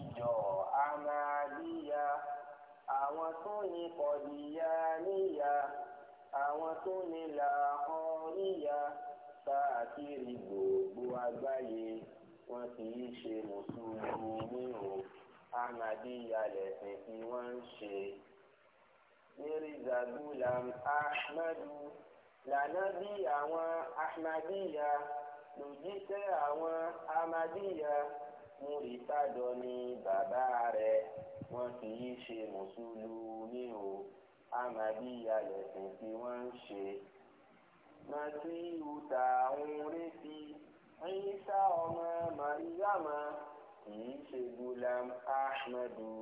ìjọ àmàdíyà àwọn tó ní kọ̀díyà níyà àwọn tó ní làhọ́ríyà káàkiri gbogbo àgbáyé wọn kì í ṣe mùsùlùmí o àmàdíyà lẹ̀sìn tí wọ́n ń ṣe. Mirza Ghulam Ahmadu lànàbí àwọn Ahmadiyya lòjíṣẹ́ àwọn Ahmadiyya múri tádọ ni bàbá rẹ̀ wọ́n kì í ṣe mùsùlùmí o amàbí alẹ̀sìn tí wọ́n ń ṣe. masiu tá à ń retí Ìsá ọmọ Màríyàmá kì í ṣe Gulam Ahmadu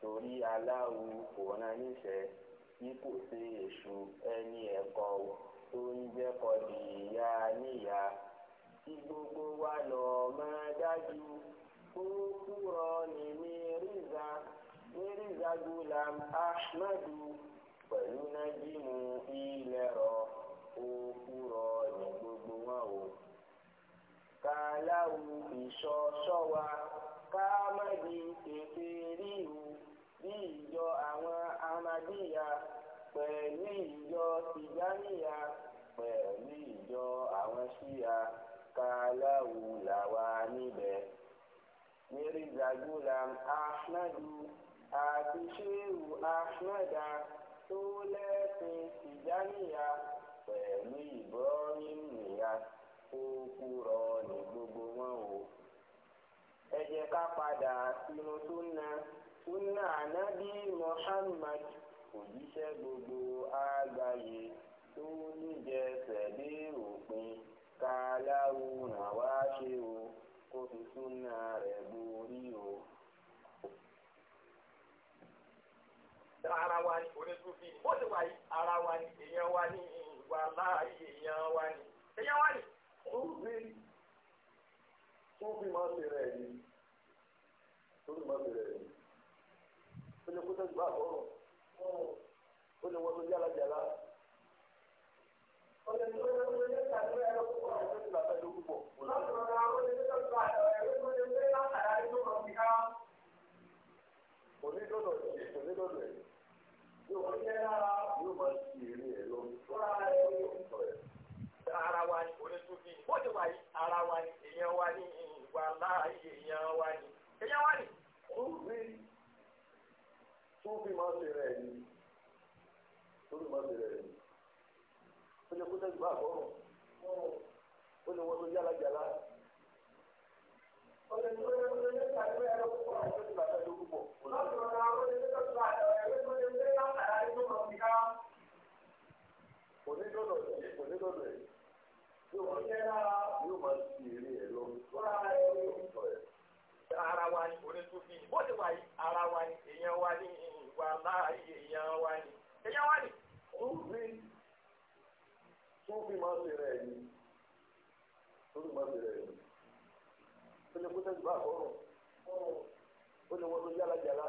torí aláwo kò rán níṣẹ́ bí kò sí èṣù ẹni ẹ̀kọ́ tó ń jẹ́kọ̀ọ́ di ìyá níyà tí gbogbo wa lọ́ọ́ máa dájú fún kúrọ́ọ̀nì Mírízà Mírízà Gulam Ahmadu pẹ̀lú nájímù ilẹ̀rọ òkúrọ́ọ̀nì gbogbo wọn o. kàláwù ìṣọṣọ wa ká má di kété ríru bí ìjọ àwọn amadíyà pẹ̀lú ìjọ tìjáníyà pẹ̀lú ìjọ àwọn ṣíyà kàláwù làwa níbẹ̀ mirza zagulam ahmadu àti sheu ahmada tó lẹ́sìn tìjáníyà pẹ̀lú ìbọ́rin nìyà ó kúrọ̀ ní gbogbo wọn o. ẹ jẹ́ ká padà sínú súnà súnà ànábì muhammad òjíṣẹ́ gbogbo àgbáyé tó níjẹsẹ̀ dé òpin ká láwùrán wá ṣe o kó fi súnà rẹ̀ borí o. ara wa ni onísùfì ni bó ti wà yìí ara wa ni èèyàn wa ni ìwà láàyè èèyàn wa ni èèyàn wa ni. Súfì Súfì máa ṣe rẹ̀ ni Súfì máa ṣe rẹ̀ ni ó lè kó sẹ́jú bá àbọ̀rọ̀ ó lè wọ́n tó jálajàla. ọ̀rẹ́ mi ló lọ́dọ̀ ẹ̀ yóò wọ́n jẹ́ lára yóò máa ṣe eré ẹ̀ lọ fúnra ẹ̀ lọ́dọ̀ ẹ̀. ara wa ni onítúbí bóde wa yìí ara wa ni èèyàn wa ni ìwà láàyè èèyàn wa ni èèyàn wa ni. túbí túbí máa ṣe rẹ̀ ni túbí máa ṣe rẹ̀ ni ó lè kó sẹ́yìn bá àbọ̀rọ̀ ó lè wọ́n tó yára jàlá. ọ̀sẹ̀ tó yẹ kó lè ní ìgbà tó kó pọ̀ ìgbà tó yẹ kó pọ̀. lọ́dọ̀ rẹ̀ kò ní lọ́dọ̀ rẹ̀ yóò máa ṣe yóò máa ṣe eré ẹ̀ lọ fúnra ẹ̀ ló ń sọ ẹ̀. ara wa ni onítúbí bó ti wà yìí ara wa ni èèyàn wa ni ìwà láàyè èèyàn wa ni èèyàn wa ni. túbí túbí máa ṣe rẹ̀ ni túbí máa ṣe rẹ̀ ni ó lè kó sẹ́yìn bá àkọ́rọ̀ ó lè wọ́n tó yálà jàlá.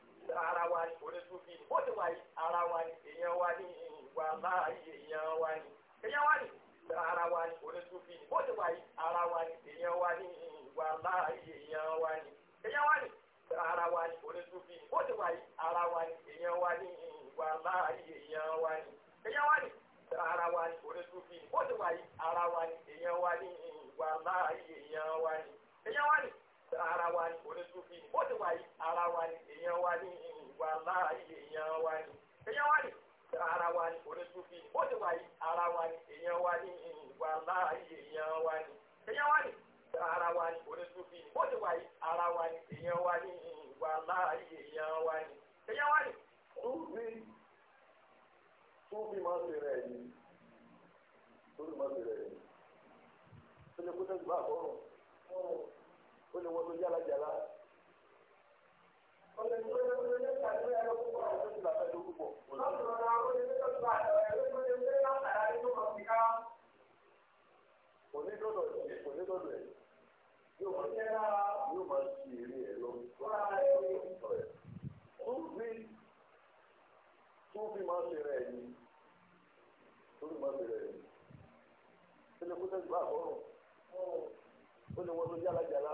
ara wa ni onísùnfì bó ti wà yìí ara wa ni èèyàn wa ni ìwà láàyè èèyàn wa ni èèyàn wa ni ara wa ni onísùnfì bó ti wà yìí ara wa ni èèyàn wa ni ìwà láàyè èèyàn wa ni èèyàn wa ni ara wa ni onísùnfì bó ti wà ara wa ni èèyàn wa ni ìwà láàyè èèyàn wa ni èèyàn wa ni ara wa ni onísùnfì bó ti wà ara wa ni èèyàn wa ni ìwà láàyè èèyàn wa ni èèyàn wa ni. ara wa ni onísùfì bó ti wà yìí ara wa ni èèyàn wa ni ìwà láàyè èèyàn wa ni èèyàn wa ni ara wa ni onísùfì bó ti wà yìí ara wa ni èèyàn wa ni ìwà láàyè èèyàn wa ni èèyàn wa ni ara wa ni onísùfì ara wa ni èèyàn wa ni ìwà láàyè èèyàn wa ni èèyàn wa ni. máa ń ó lè wọ́n tó yára jàlá. ọ̀sẹ̀ tó yẹ ẹ̀ yóò máa ṣe yóò máa ṣe eré ẹ̀ lọ. tó fi máa ṣe rẹ̀ ni tó máa ṣe rẹ̀ ni. ó lè kó sẹ́yìn bá ó lè wọ́n tó yára jàlá.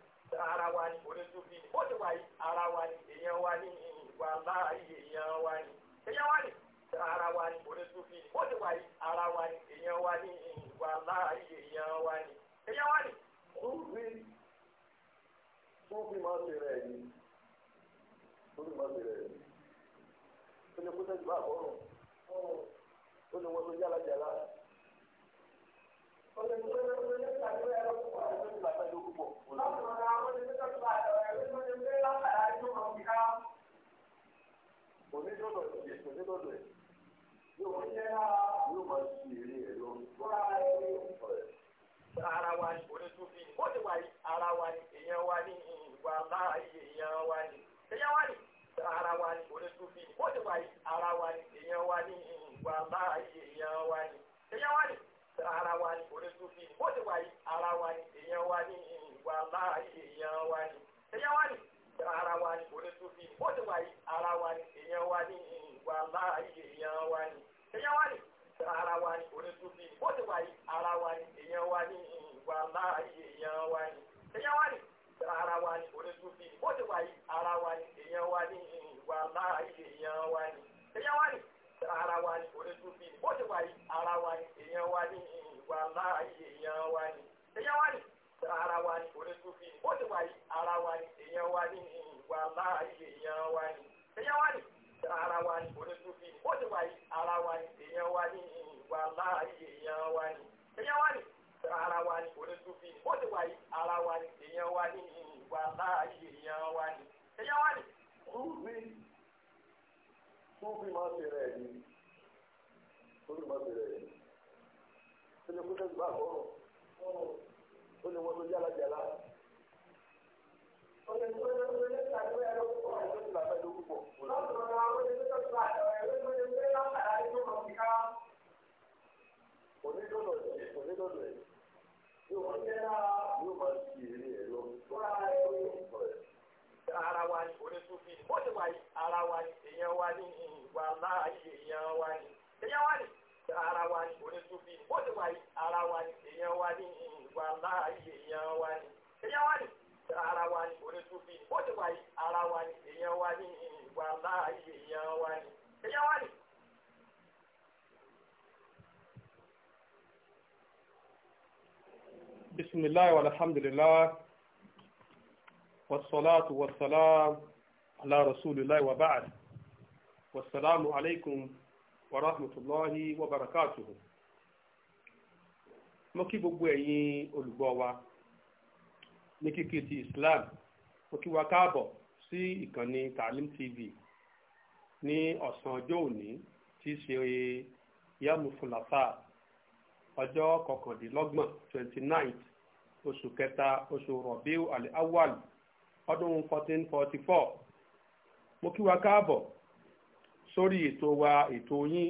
ara wa ni onísùfì ni ó ti wà yí ara wa ni èèyàn wa ni ìwà láàyè èèyàn wa ni èèyàn wa ni ara wa ni onísùfì ni ó ti wà yí ara wa ni èèyàn wa ni ìwà láàyè èèyàn wa ni èèyàn wa ni. sùfì sùfì máa ṣe rẹ̀ yìí sùfì máa ṣe rẹ̀ yìí ó ní kó sẹ́jú bá àbọ̀rùn ní wọ́n tó yálà jàlá. ọ̀sẹ̀ tó yẹ kó lè ṣàkóso onídọ́dọ̀ ẹ̀ onídọ́dọ̀ ẹ̀ yóò wọ́n yẹ ara yóò máa ṣe eré ẹ̀ lọ. ara wa ni onítúfin ó ti wà ara wa ni èèyàn wa ni ìwà láàyè èèyàn wa ni èèyàn wa ni ara wa ni onítúfin ó ti wà ara wa ni èèyàn wa ni ìwà láàyè èèyàn wa ni èèyàn wa ni ara wa ni onítúfin ó ti wà ara wa ni èèyàn wa ni ìwà láàyè èèyàn wa ni èèyàn wa ni ara wa ni onítúbí ó ti wà yìí ara wa ni èèyàn wa ni ìwà láàyè èèyàn wa ni èèyàn wa ni ara wa ni onítúbí. بسم الله والحمد لله والصلاة والسلام على رسول الله وبعد والسلام عليكم ورحمة الله وبركاته mo kí gbogbo ẹ̀yin olùgbọ́ wa ní kíkí ti Islam mo kí wa káàbọ̀ sí ìkànnì Taalim TV ní ọ̀sán ọjọ́ òní tí í ṣe yamu fulafa ọjọ́ kọkàndínlọ́gbọ̀n twenty ninth oṣù kẹta oṣù rọ̀bíù al-awwal ọdún 1444 mo kí wa káàbọ̀ sórí ètò wa ètò yín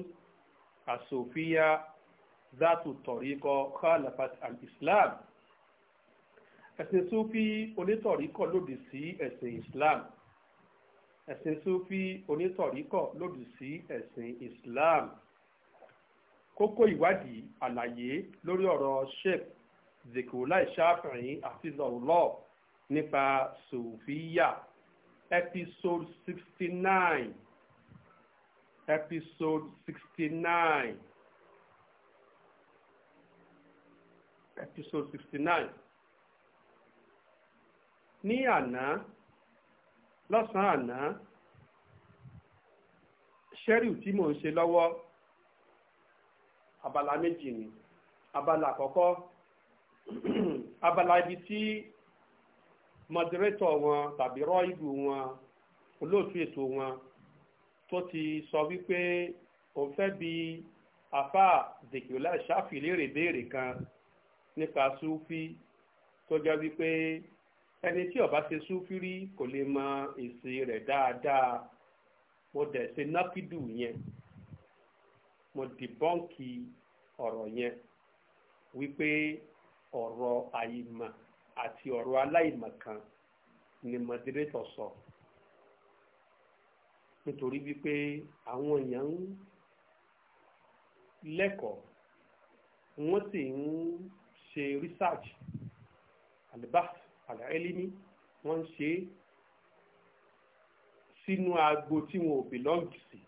àsòfíà zátù tọ̀ríkọ khalafat al-islam ẹ̀sìn súfí onítọ̀ríkọ̀ lòdì sí ẹ̀sìn islam ẹ̀sìn súfí onítọ̀ríkọ̀ lòdì sí ẹ̀sìn islam kókó ìwádìí àlàyé lórí ọ̀rọ̀ sheikh Zekola, Shafi'i hafizahullah nípa Sufiya episode sixty nine episode sixty nine episode sixty nine ní àná lọ́sàn-án àná ṣẹ́ríù tí mò ń ṣe lọ́wọ́ abala méjì ni abala àkọ́kọ́ abala ibi tí mọdẹrétọ̀ wọn tàbí rọ́ìbù wọn olóòtú ètò wọn tó ti sọ wípé òun fẹ́ bi afa zekiolá ṣáfì léèrè béèrè kan nípa súfì tó jẹ́ wípé ẹni tí ó bá ṣe súfì rí kò lè mọ èsì rẹ̀ dáadáa mo dẹ̀ ṣe nákìdù yẹn mo dìbọ́ǹkì ọ̀rọ̀ yẹn wípé ọ̀rọ̀ àìmọ̀ àti ọ̀rọ̀ aláìmọ̀kan ni mọ̀dírétọ̀ sọ nítorí wípé àwọn èèyàn ń lẹ́kọ̀ọ́ wọ́n sì ń ṣe research albaf alaelimi wọ́n ń ṣe sínú agbo tí wọn ò belong sí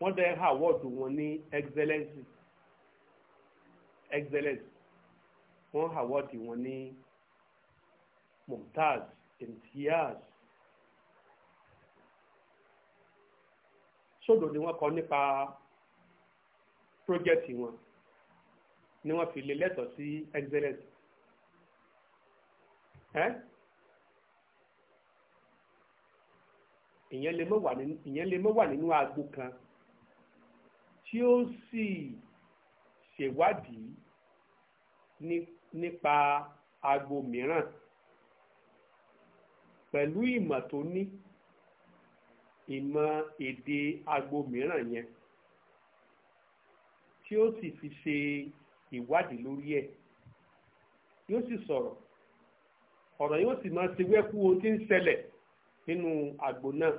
wọ́n dẹ́ àwọ́dù wọn ní excellence excellence wọ́n àwọ́dì wọn ní mumtaz imtiaz sódò ni wọ́n kọ nípa pírójẹ́tì wọn ni wọ́n fi lè lẹ́tọ̀ọ́ sí excellence ẹ́ ìyẹn lè mọ́ wà nínú agbo kan tí ó sì ṣèwádìí nípa nípa agbo mìíràn pẹ̀lú ìmọ̀ tó ní ìmọ̀ èdè agbo mìíràn yẹn tí ó sì fi ṣe ìwádìí lórí ẹ̀ yóò sì sọ̀rọ̀ ọ̀rọ̀ yóò sì máa ṣe wẹ́kú ohun tí ń ṣẹlẹ̀ nínú agbo náà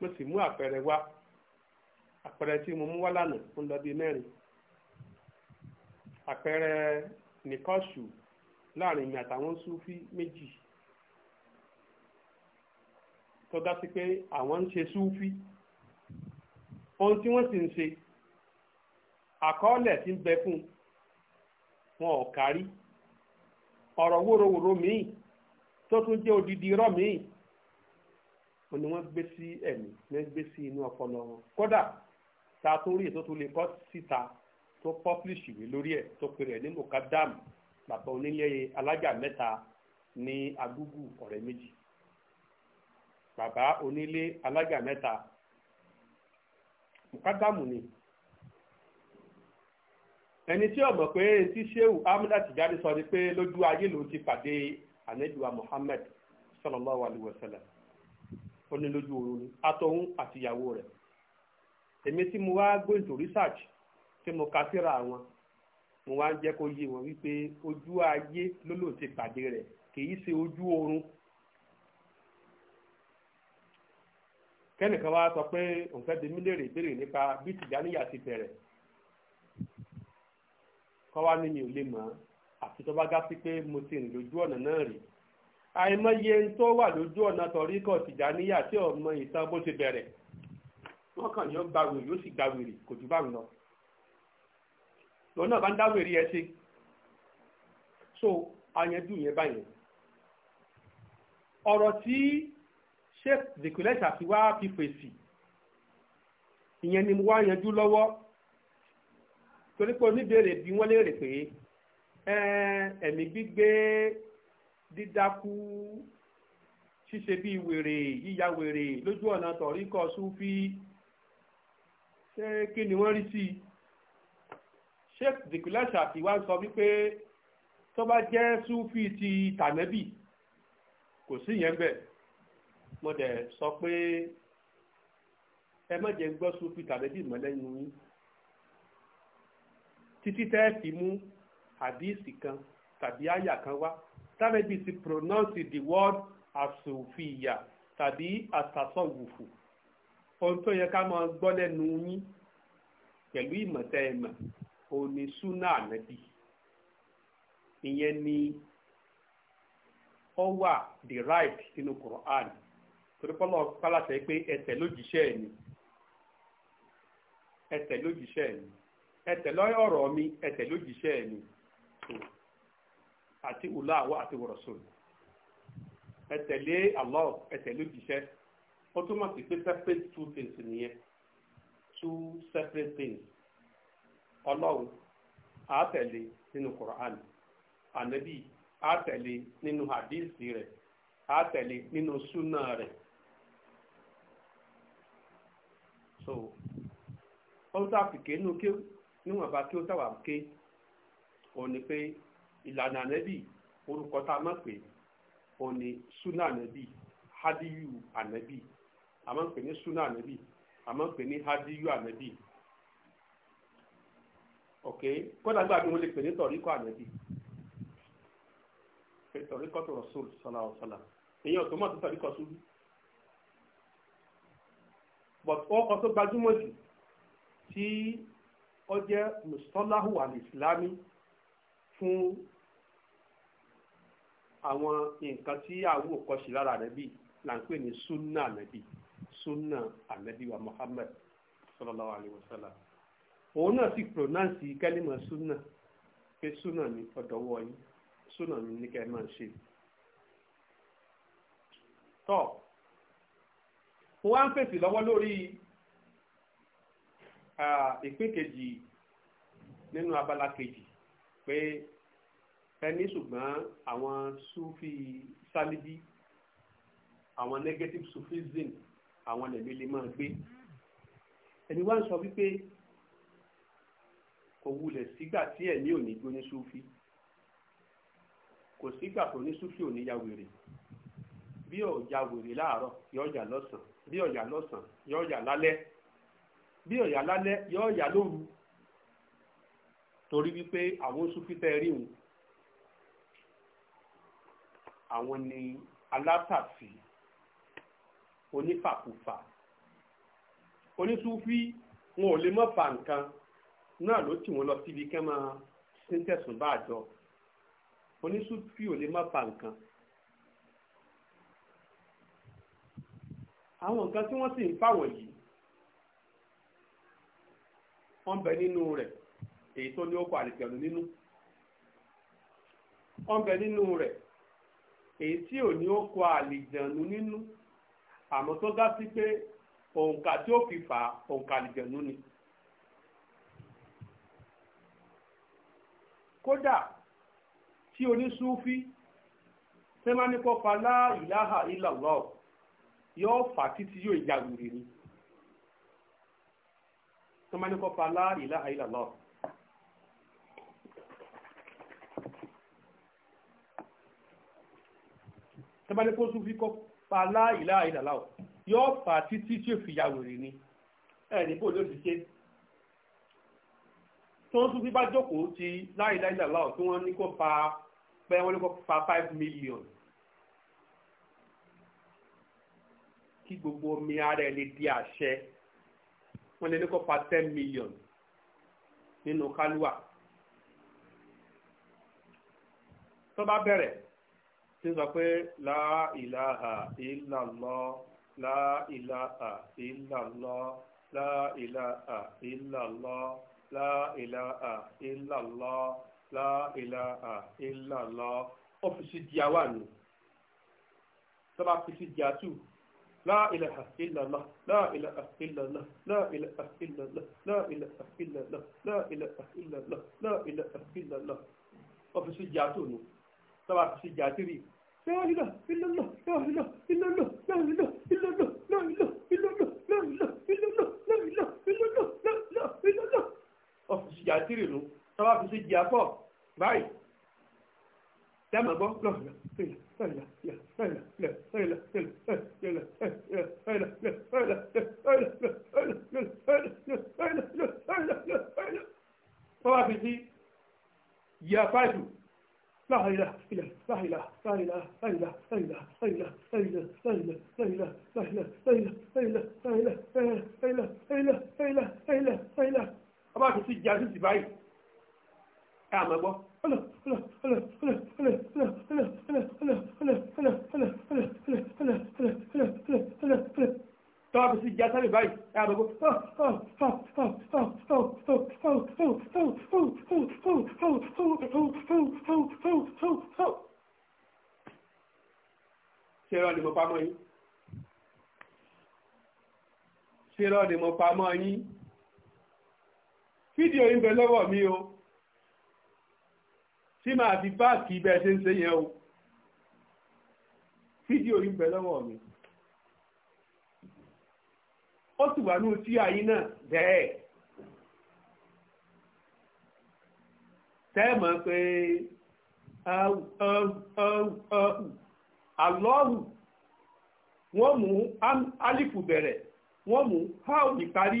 mo sì mú àpẹẹrẹ wá àpẹẹrẹ tí mo mú wá lánàá ń lọ bíi mẹ́rin àpẹẹrẹ nìkọ́ṣù láàrin mi àtàwọn súfí méjì tó dá sí pé àwọn ń ṣe súfí ohun tí wọ́n sì ń ṣe àkọọ́lẹ̀ tí ń bẹ fún wọn ò kárí ọ̀rọ̀ wóróworó míì tó tún jẹ́ odidi irọ́ míì wọn ni wọ́n gbé sí ẹ̀mí wọ́n gbé sí inú ọpọlọ wọn kódà ta tó rí ètò tó lè kọ́ síta tó publish ìwé lórí ẹ̀ tó pèrè ní mokadam bàbá onílé alájà mẹ́ta ní agúgù ọ̀rẹ́ méjì bàbá onílé alájà mẹ́ta mokadamu ni ẹni tí ó pé tí sheu amúdá sọ ni pé lójú ayé ló ti pàdé anabiwa Muhammad sallallahu alayhi wa sallam ó oorun atọ́hún àtìyàwó rẹ̀ èmi tí mo wá gbé tí mo ka síra wọn mo wá ń jẹ́ kó yé wọn wípé ojú ayé lólò ti pàdé rẹ̀ kì í ṣe ojú oorun. kẹ́nìkan wá sọ pé òun fẹ́ di mílíọ̀nù ìbéèrè nípa bí tìjáníyà ti bẹ̀rẹ̀ kọ́ wá ní mi ò lè mọ̀ àti tó bá gá sí pé mo ti rìn lójú ọ̀nà náà rí àìmọye ń tó wà lójú ọ̀nà tọ̀ríkọ̀ tìjáníyà tí ọmọ ìtàn bó ti bẹ̀rẹ̀ wọ́n kàn yóò gbàwèrè yóò sì gbàwèrè kò jù báwọn lọ lọ́nà bá ń dáwọ̀ èrè ẹ sí so ayanjú yẹn báyẹn ọ̀rọ̀ tí sheikh zikulẹ́sà fi wá fi fèsì ìyẹn ni mo wá yanjú lọ́wọ́ torí pé oníbèrè bí wọ́n léèrè pé ẹ̀mí gbígbé dídákú ṣíṣe bí wèrè yíya wèrè lójú ọ̀nà tọ̀ríkọ̀ súfí ṣé kí ni wọ́n rí sí i sheikh dikula shafi wá ń sọ wípé tó bá jẹ́ súfì ti tànẹ́bì kò sí yẹn bẹ́ẹ̀ mo dẹ̀ sọ pé ẹ má jẹ́ gbọ́ súfì tànẹ́bì mọ́ lẹ́nu yín títí tẹ́ fi mú àdíìsì kan tàbí àyà kan wá tànẹ́bì ti pronounce the word àsòfìyà tàbí àtàsọ̀wùfù ohun tó yẹ ká máa gbọ́ lẹ́nu yín pẹ̀lú ìmọ̀tẹ́ ẹ̀mọ̀. òun ni súnà ìyẹn ni ó wà derived nínú Quran torí pọ́lọ́ pálásẹ̀ pé ẹsẹ̀ lójíṣẹ́ ẹ̀ ni ẹsẹ̀ lójíṣẹ́ ẹ̀ ni ati lọ́yọ̀ ọ̀rọ̀ mi ẹsẹ̀ lójíṣẹ́ ẹ̀ ni àti ùláwọ̀ àti ó túmọ̀ sí pé separate two things nìyẹn two separate things ọlọ́run àátẹ̀lé nínú Quran ànábì àátẹ̀lé nínú hadisi rẹ̀ àátẹ̀lé nínú rẹ̀ so a fi ké nínú kí ó tàwà ké òun ni pé ìlànà ànábì orúkọ tá a máa pè òun ni ànábì hadiyu ànábì a máa ń ní súnà ànábì a máa ń ní hadiyu ànábì. ok kódà nígbà tí mo lè pè ní tọ̀ríkọ̀ ànẹ́bí tọ̀ríkọ̀ tó rọ̀sùn sọ̀là ọ̀sọ̀là èyàn tó mọ̀ sí tọ̀ríkọ̀ sùn but ọkọ̀ tó gbajúmọ̀ jù tí ó jẹ́ mùsùlùmí àlìsílámì fún àwọn nǹkan tí àwọn òkọ̀ṣì lára ànẹ́bí là ń pè ní sunna ànẹ́bí sunna ànẹ́bí wa Muhammad sallallahu alaihi wasallam òun náà sì pronounce kẹ́límà súnà pé súnà ní ọ̀dọ́wọ́ yín súnà mi ní kẹ́ máa ṣe. tọ́ mo wá ń fèsì lọ́wọ́ lórí ìpín kejì nínú abala kejì pé ẹni ṣùgbọ́n àwọn sufi sálíbí àwọn negative sufism àwọn lèmi lè máa gbé ẹni wá ń sọ wípé kò wulẹ̀ sígbà tí ẹ̀ ní òní gbóní súfì kò sígbà tó ní súfì òní ya wèrè bí ọ̀yà wèrè láàárọ̀ yọ ọ̀yà lọ́sàn bí ọ̀yà lọ́sàn yọ ọ̀yà lálẹ́ bí ọ̀yà lálẹ́ yọ ọ̀yà lóru torí wípé àwọn súfì tẹ́ rí wọn àwọn ni alátàfí onífàkùfà onísúfì wọn ò lè mọ́ fa nǹkan náà ló tì wọ́n lọ síbi kẹ́ máa sín tẹ̀sùn bá àjọ oníṣùfì ò lè má ba nǹkan. àwọn nǹkan tí wọ́n sì ń fà wọ̀nyí wọ́n bẹ nínú rẹ̀ èyí tó ní ó kọ àlìkẹ̀lù nínú wọ́n bẹ nínú rẹ̀ èyí tí ò ní ó kọ àlìjẹ̀nu nínú àmọ́ tó dá sí pé òǹkà tí ó fi fà òǹkà àlìjẹ̀nu ni. kódà tí onísúfí sẹ́mánikọ́ falá ìláhà illallah yóò fà títí yóò ìjàgùrì ni sẹ́mánikọ́ falá ìláhà illallah. sẹ́mánikọ́ súfí kọ́ falá ìláhà illallah yóò fà títí tí yóò fi ìjàgùrì ni ẹ̀ẹ́dẹ́gbò ló ti ṣe tó ń súnfí bá jókòó ti láìláìláìlá tí wọ́n ní kó fa pé wọ́n ní kó fa five million kí gbogbo omi ara ẹni di àṣẹ wọ́n ní kó fa ten million nínú kálúwà tó bá bẹ̀rẹ̀ tí sọ pé láìláha ìlàlọ́ láìláha ìlàlọ́ láìláha ìlàlọ́ la ilaha illallah la ilaha illallah ó fi sí díà wà nù sábà fi sí díà tù la ilaha illallah la ilaha illallah la ilaha illallah la ilaha illallah la ilaha illallah la ilaha illallah ó fi sí díà tù nù sábà fi sí díà tìrì. لا إله إلا الله لا إله إلا الله لا إله إلا الله لا إله إلا الله لا إله إلا الله لا إله إلا الله لا إله إلا الله ọ̀fíìsì jàǹtìrì nù tọ́wọ́ fi sí jìyà pọ̀ báyìí dẹ́mọ̀ gbọ́ lọ́ọ̀lọ́ tọ́wọ́ fi sí jìyà páìpù لا إله إلا لا إله لا إله لا إله لا إله لا إله لا إله لا إله لا إله لا إله لا إله لا إله لا إله لا إله لا إله لا إله لا إله ọba ti sí jẹ́ àtúntì báyìí ẹ̀ àmọ́ gbọ́ tọ́wọ́ fi sí jẹ́ sáré báyìí ẹ̀ àmọ́ gbọ́ ṣerọ́ ni mo pamọ́ yín ṣerọ́ ni mo pamọ́ yín. fídíò yìí lọ́wọ́ mi o tí máa fi báàkì bẹ́ẹ̀ ṣe ń ṣe yẹn o fídíò yìí lọ́wọ́ mi ó sì wà ní tí ayé náà bẹ́ẹ̀ tẹ́ẹ̀mọ̀ pé àlọ́ọ̀hù wọ́n mú alifu bẹ̀rẹ̀ wọ́n mú háù ìparí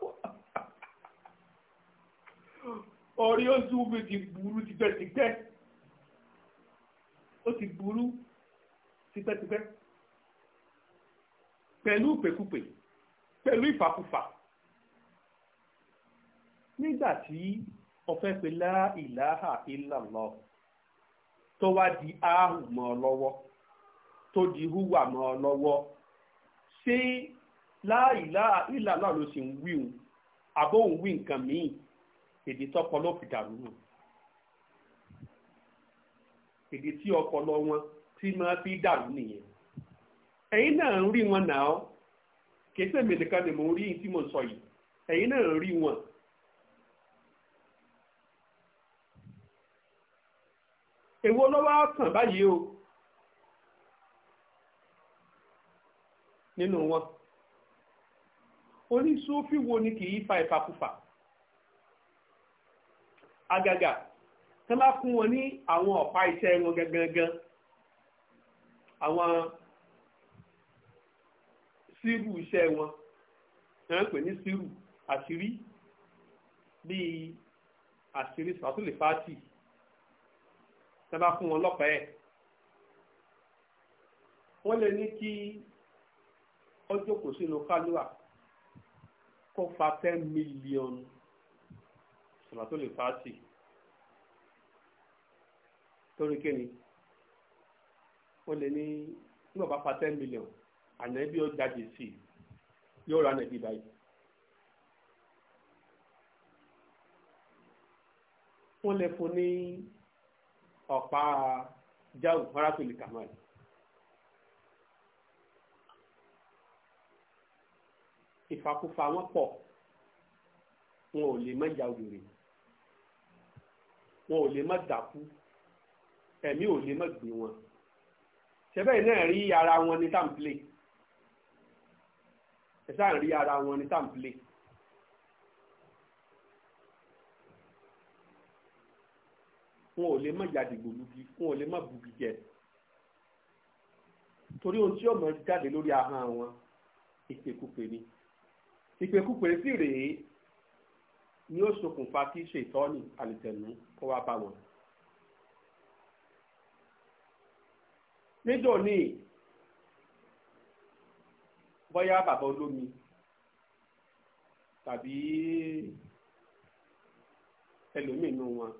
orí ó zúbi ti burú tipẹ́tipẹ́ ó ti burú tipẹ́tipẹ́ pẹ̀lú ìpèkúpè pẹ̀lú ìfàkùfà nígbà tí ọ̀fẹ́ pe lá ìláhà illallah tó wá di áhù mọ́ ọ lọ́wọ́ tó di húwà mọ́ ọ lọ́wọ́ ṣé lá ìláhà illallah ló sì ń wí òun àbóhùn wí nǹkan míì èdè tí ọpọlọ fi dàrú nù èdè tí ọpọlọ wọn tí máa fi dàrú nìyẹn ẹ̀yin náà ń rí wọn náà kéésì èmi nìkan ni mò ń rí yín tí mò ń sọ yìí ẹ̀yin náà ń rí wọn. èwo ló wá kàn báyìí o nínú wọn oníṣòfin wo ni kì í fa ìfakúfà. Agaga. tán bá fún wọn ní àwọn ọ̀pá iṣẹ́ wọn gangan àwọn sírù iṣẹ́ wọn wọ́n pè ní sírù àṣírí bíi àṣírí sàtúlẹ̀ fáàtì tán bá fún wọn lọ́pàá ẹ̀ wọ́n lè ní kí ọjọ́ kò sínú kálúà kó fa ten million sọ̀làtò lè fàásì torí kíni ó lè ní nígbà bá pa ten million ànábì ó jáde sí i yóò ra ànábì báyìí. wọ́n lè fún ní ọ̀pá jáù faratolì kamal. ìfàkùfà wọn pọ̀ wọn ò lè má jáwèrè wọn ò lè má dákú ẹ̀mí ò lè má gbé wọn ṣẹ́bẹ̀ náà rí ara wọn ní tàǹpìlẹ̀ ẹ̀ sáà rí ara wọn ní tàǹpìlẹ̀. wọn ò lè má jáde gbòlugi wọn ò lè má bugi jẹ torí ohun tí ọmọ jáde lórí ahọ́n wọn ìpèkúpè ni ìpèkúpè sì rèé ni ó ṣokùnfà kí ṣètọ́nì àlìtẹ̀nú kó wá bá wọn. nídòní bóyá bàbá olómi tàbí ẹlòmíín nù wọn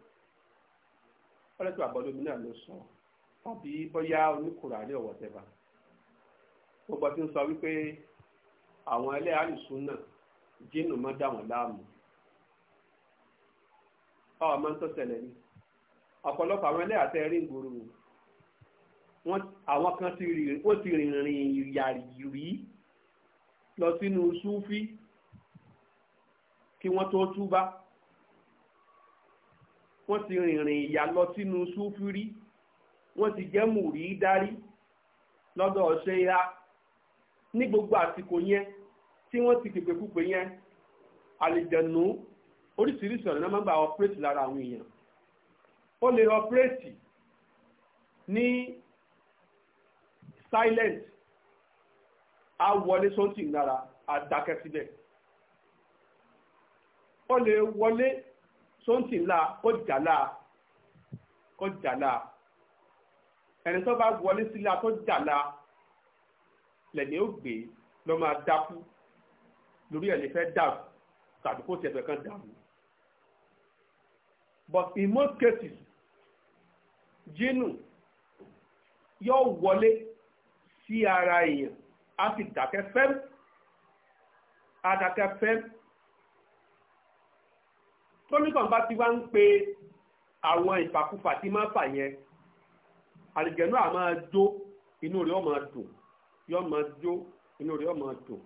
ọlọ́tí bàbá olómi náà ló sọ tàbí bóyá oníkùrà ní ọ̀wọ́ tẹ́ba gbogbo tí ń sọ wípé àwọn ẹlẹ́yàá lùsùn náà jínù mọ́ dà wọ́n láàmú ọmọ tó ṣẹlẹ̀ ni ọ̀pọ̀lọpọ̀ àwọn ẹlẹ́yà tẹ́ rí ìgboro àwọn kan ti rìnrìn ìyàrí lọ sínú súfí kí wọ́n tó túbá wọ́n ti rìnrìn ìyà lọ sínú súfí rí wọ́n ti jẹ́ mùrí dárí lọ́dọ̀ ṣe ya ní gbogbo àsìkò yẹn tí wọ́n ti pèpè púpè yẹn àlìjẹ̀nù oríṣiríṣi ọ̀nà máa ń gbà ọpẹ́rẹ́tì lára àwọn èèyàn ó lè ọpẹ́rẹ́tì ní silent a wọlé sọ́tì lára á dákẹ́ síbẹ̀ ó lè wọlé sọ́tì ńlá kó jàlá kó jàlá ẹni tó bá wọlé sílá tó jàlá lẹ́ni ó gbé lọ́ máa dákú lórí ẹni fẹ́ dàrú tàbí kó tiẹ̀ fẹ́ kàn dàrú but in most cases jinu yóò wọlé sí ara èèyàn á sì dákẹ́ fẹ́m á dákẹ́ fẹ́m tónítàn bá ti wá ń pe àwọn ìfàkúfà tí máa fà yẹn àlìjẹ̀nú à máa jó inú rẹ̀ ó máa dùn yóò máa jó inú rẹ̀ ó máa dùn.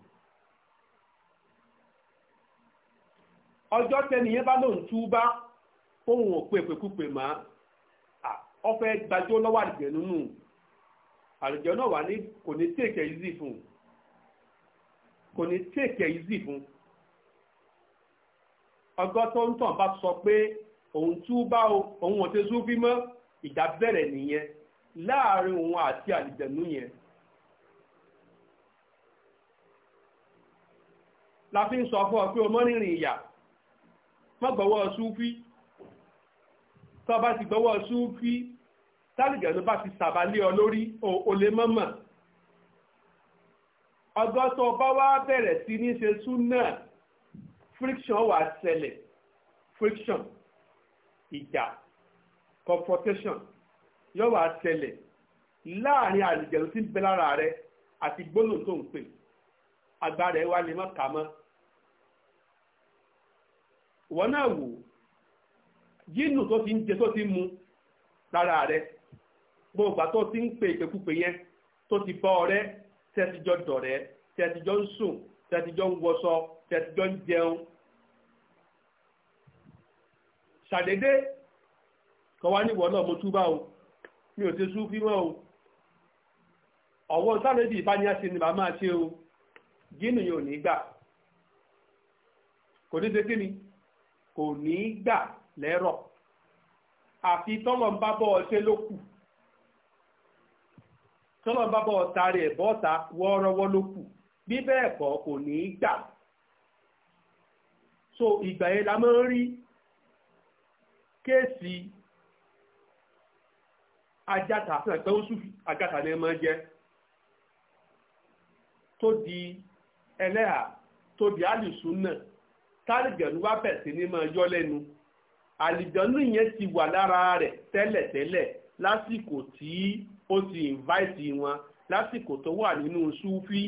ọjọ́ tẹ́niyẹn bá lóun túbá fóun ò pé pèkúpè má ọfẹ gbajúmọ̀ lọ́wọ́ àdìjẹ nínú àdìjẹ náà wà ní kò ní tèkẹ ìzì fún kò ní tèkẹ ìzì fún ọgọ tó ń tàn bá sọ pé òun tú bá òun ò ti sún fí mọ ìjà bẹ̀rẹ̀ nìyẹn láàrin òun àti àlìjẹ̀nú yẹn la fi ń sọ fún ọ pé o mọ́ rìnrìn ìyà mọ́gbọ̀wọ́ súfí tó bá ti gbọ́wọ́ súfí tálìgà ló bá ti sàbálẹ̀ ọ lórí olè mọ́mọ́ ọjọ́ tó bá wá bẹ̀rẹ̀ sí ní ṣe súnà friction wà ṣẹlẹ̀ friction ìjà confrontation yóò wá ṣẹlẹ̀ láàrin àlìjẹ̀lú tí ń bẹ lára rẹ àti gbólóhùn tó ń pè agbára ẹ wá lè má kà mọ́ wọn náà wò jínù tó ti ń jẹ tó ti mu lára rẹ gbogbo àtọ́ ti ń pè ìpèkúpè yẹn tó ti bọ́ ọrẹ́ tẹ́tijọ́ dọ̀rẹ́ tẹ́tijọ́ ń sùn tẹ́tijọ́ ń wọṣọ tẹ́tijọ́ ń jẹun ṣàdédé kọ wá níwọ̀ náà mo túbá o mi ò ṣe súnfí mọ́ o ọ̀wọ́ sáréjì ìbáníyà sí ni màá ṣe o gínú yóò ní gbà kò ní ṣe kí ni kò ní gbà lẹ́rọ̀ àfi tọ́lọ̀ ń bá bọ́ ọ ṣe ló kù tọ́lọ̀ ń bá bọ́ ọ tarí wọ́ọ́rọ́wọ́ ló kù bí bẹ́ẹ̀ kọ́ kò ní í gbà so ìgbà yẹn la máa ń rí kéèsì ajáta fún ẹ̀pẹ́ oṣù ajáta ni ẹ máa jẹ́ tó di ẹlẹ́à tó di alùsùn náà tálìgẹ̀ẹ́nu wá bẹ̀ sí máa lẹ́nu. àlìjọ́nù yẹn ti wà lára rẹ̀ tẹ́lẹ̀tẹ́lẹ̀ lásìkò tí ó ti invite wọn lásìkò tó wà nínú súfí.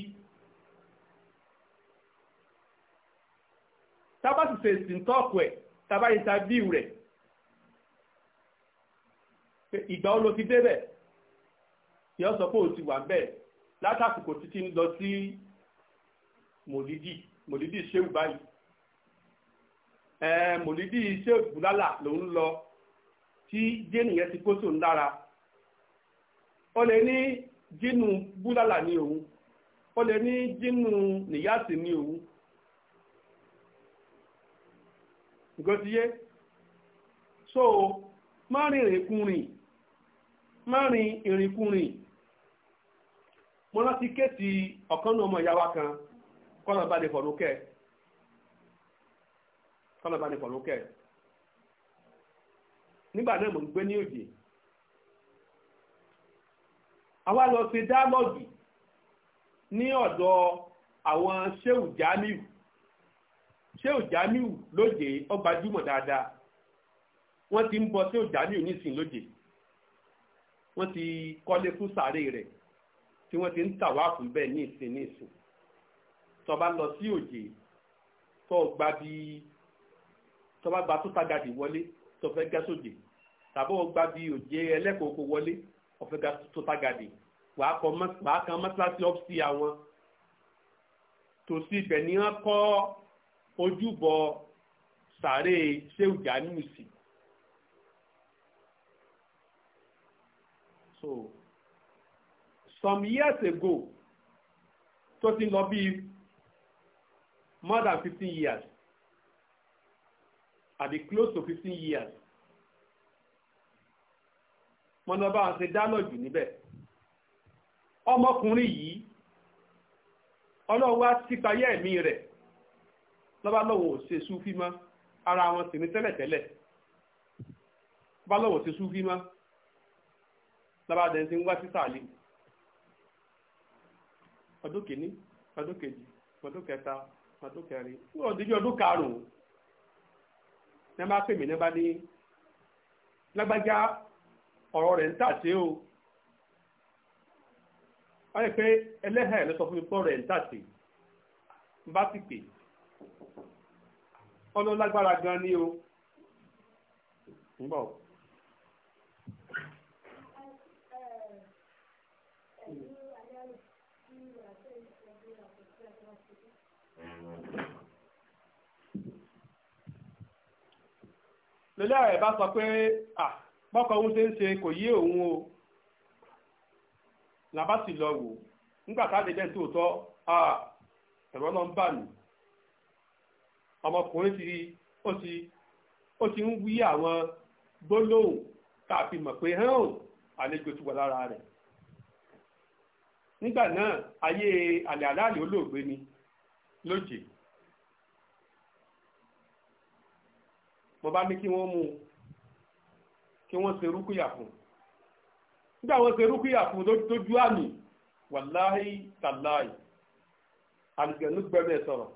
tábà sì ṣe ìsìntọ́ọ̀kù ẹ̀ tábà interview rẹ̀ ìgbà ó lọ ti débẹ̀ yọ sọ pé ó ti wà bẹ́ẹ̀ látàsìkò títí ń lọ sí mòlídì mòlídì ṣéwù báyìí mòlídì iṣẹ́ ìbúlálà ló ń lọ tí ti je sóun ó lè ní jínú búlálà ní òun ó lè ní jínú nìyáàsì ní òun nǹkan ti so má rin ìrìnkúrìn má rin ìrìnkúrìn mo rántí kéètì ọ̀kan náà ọmọ ìyá wa kan kọ́nà bá kọ́lọ̀ bá ní pọ̀lọ́kẹ́ nígbà náà mò ń gbé ní òjè àwa lọ ṣe dáálọ́gì ní ọ̀dọ̀ àwọn ṣéwù jámíù ṣéwù jámíù lójè ó gbajúmọ̀ dáadáa wọ́n ti ń bọ ṣéwù jámíù nísìn lójè wọ́n ti kọ́lé fún sàárè rẹ̀ tí wọ́n ti ń tàwáàfù bẹ́ẹ̀ ní ìsìn ní ìsìn tó bá lọ sí òjè tó gba bíi tó gba tó tagadi wọlé tó fẹ́ tàbí ó gba bí òjé ẹlẹ́kọ̀ọ́kọ̀ wọlé ó fẹ́ tó tagadi wàá kan mọ́tíláṣí ọ́fíìsì àwọn tòsí ibẹ̀ ni wọ́n kọ́ ojúbọ sàárè Ṣéhù Jamiu so some years ago tó ti lọ bí more than fifteen years at the close to fifteen years wọn lọ bá wọn ṣe dálọ́jù níbẹ̀ ọmọkùnrin yìí ọlọ́wọ́ sípayẹ́ ẹ̀mí rẹ̀ lọ́ba lọ́wọ́ ṣe súfí mọ́ ara wọn sì ní tẹ́lẹ̀tẹ́lẹ̀ lọ́ba lọ́wọ́ ṣe súfí mọ́ lọ́ba dẹ̀ ti ń wá sísàlẹ̀ ọdún kìíní ọdún kejì ọdún kẹta ọdún kẹrin ọdún ọdún karùn-ún ní bá pè mí ní bá ní lágbájá ọ̀rọ̀ rẹ̀ ń tàṣe o wọ́n yẹ pé ẹlẹ́hẹ̀ẹ́ ló sọ fún mi pé rẹ̀ ń tàṣe bá sì pè ọlọ́lágbára gan ni o ń lọ́lẹ́ ààrẹ bá sọ pé à bọ́kọ òun ṣe ń ṣe kò yé òun o làbá sì lọ wò nígbà táde bẹ́ẹ̀ tó tọ́ à ẹ̀rọ náà ń bà mí ọmọkùnrin ti ó ti ó ti ń wí àwọn gbólóhùn tá a fi mọ̀ pé hàn ó àlejò ti wà lára rẹ̀ nígbà náà ayé àlè àlàálì olóògbé ni lójijì Ọba bá ní kí wọ́n mú kí wọ́n ṣe rúkúyà fún nígbà wọ́n ṣe rúkúyà fún lójú àmì wàláhì tàláì àlùjẹ̀nú gbẹ́rù ẹ̀ sọ̀rọ̀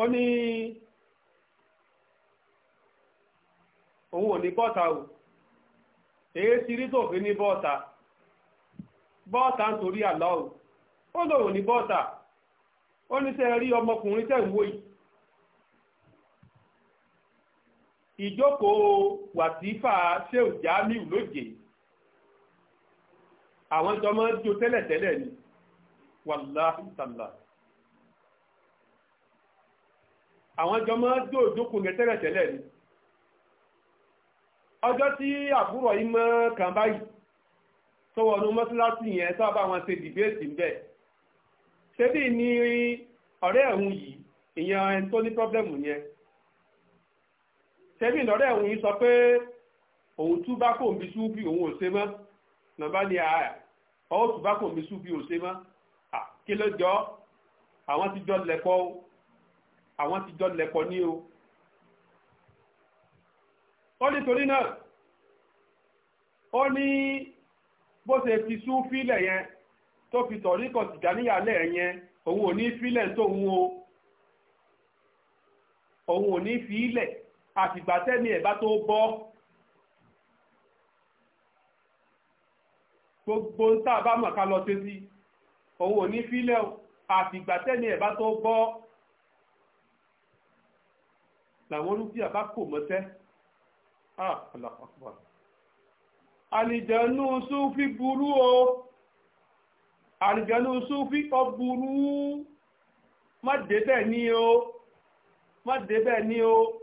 ó ní òun ò ní bọ́ta o èyí ti rí fi ní bọ́ta bọ́ta ń torí àlọ́ o ó lòun ní bọ́ta ó ní sẹ́ ọmọkùnrin ń ìjókòó wàsífà ṣéù jámíù lóje àwọn jọmọ jó tẹ́lẹ̀tẹ́lẹ̀ ni wàláhì tàlà àwọn jọmọ jó òjókòó yẹn tẹ́lẹ̀tẹ́lẹ̀ ni ọjọ́ tí àbúrò yìí mọ́ kàn báyìí tó wọnú mọ́sálásí yẹn sábà wọn ṣe dìbéètì ń bẹ̀ ṣébí ni ọ̀rẹ́ ẹ̀hún yìí ìyẹn tó ní pọ́blẹ́mù yẹn tẹ́bí ìlọ́rẹ́ òun yìí sọ pé òun tú bá kò ń bi súbì òun ò ṣe mọ́ nàbá ni àá ọ́ tú bá kò ń bi súbì ò ṣe mọ́ kí ló jọ àwọn ti jọ lẹ̀kọ́ o àwọn ti jọ lẹ̀kọ́ ní o. ó ní torí náà ó ní bó ṣe fi sún fílẹ̀ yẹn tó fi tọ̀rí kan tìjáníyàlẹ̀ yẹn òun ò ní fílẹ̀ tóun o òun ò ní fi í lẹ̀ àtìgbà tẹ́mi ẹ̀ bá tó bọ́ gbogbo ń tà bá mọ̀ ká lọ sí sí òun ò ní fílẹ̀ àtìgbà tẹ́mi ẹ̀ bá tó bọ́ làwọn olùsíyà bá kò mọ́tẹ́ ah, àlìjẹ̀nú súnfí burú o àlìjẹ̀nú súnfí ọ burú má débẹ̀ ní o má débẹ̀ ní o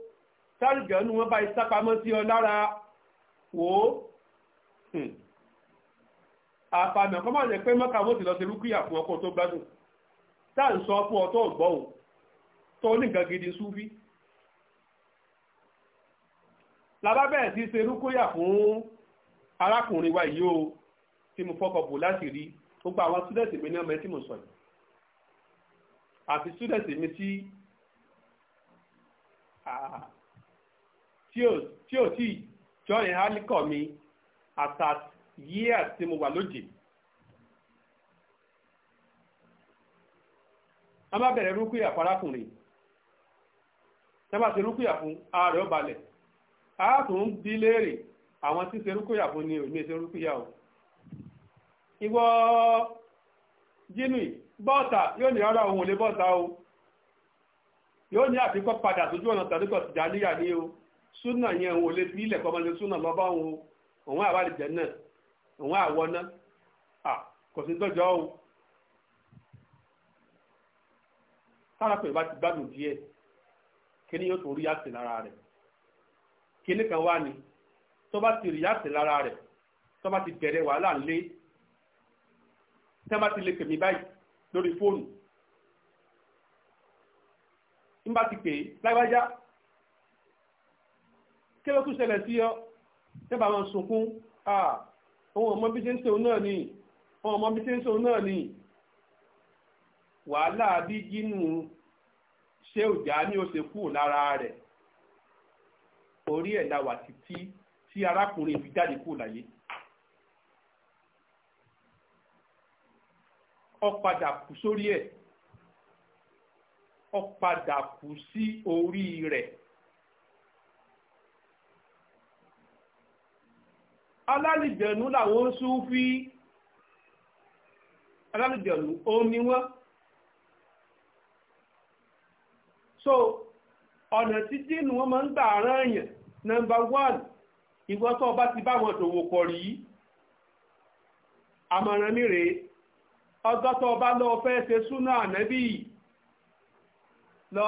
tálùjọ́nù wọn bá ìsápamọ́ sí ọ lára wò ó hmm. àfàmì ọkọ máa jẹ pé mọ́ka wọ́n ti lọ sí rúkìyà fún ọkọ tó gbádùn tá à ń sọ fún ọtọ́ ọ̀gbọ́n o tó ní nǹkan gidi súfí làbá bẹ̀rẹ̀ sí ṣe rúkìyà fún arákùnrin wa yìí o tí mo fọkọ̀ bò láti rí gbogbo àwọn sídẹ̀sì mi ní ọmọ ẹ tí mo sọ yìí àti sídẹ̀sì mi tí tí ò tí join alikọ mi àtà at àti tí mo wà lójì. a má bẹ̀rẹ̀ rúkúyà farakùnrin a bá rúkúyà fún ààrẹ ọbalẹ̀ balẹ̀ bí léèrè àwọn tí ṣe rúkúyà fún ni òní ṣe rúkúyà o. ìwọ jínú bọ́ọ̀tà yóò ní rárá òun o. súnà yẹn òun ò lè fi ilẹ̀ kọ́mọ́ ní súnà lọ́ba òun òun àwàlìjẹ́ náà òun àwọ̀ná kò sí tọ́jọ́ o tárakùn ìbá ti gbádùn díẹ̀ kíní yóò tó rí àtì lára rẹ̀ kíní kan wá ni tó bá ti rí àtì lára rẹ̀ tó bá ti bẹ̀rẹ̀ wàhálà ńlé tí wọ́n bá ti lè pè báyìí lórí fóònù ń bá ti pè é kí ló tún ṣẹlẹ̀ sí ọ tẹ́bà máa sunkún ohun ọmọ bí ṣe ń sòun náà ni ohun ọmọ bí ṣe ń sòun náà ni wàhálà bí jínú ṣé òjá ní ó ṣe kúrò lára rẹ̀ orí ẹ̀ la wà títí tí arákùnrin fi jáde kúrò láyé. ó padà kú sórí ẹ̀ ó padà kú sí orí rẹ̀. alálìjẹ̀nú làwọn ń súfí alálìjẹ̀nú ó ní wọ́n so ọ̀nà tí jíìnù wọn máa ń gbà rán èèyàn number one ìwọ tó bá ti bá wọn dòwò pọ̀ rí àmọ̀ràn mi rèé ọjọ́ tó bá lọ fẹ́ ṣe súnà ànábì lọ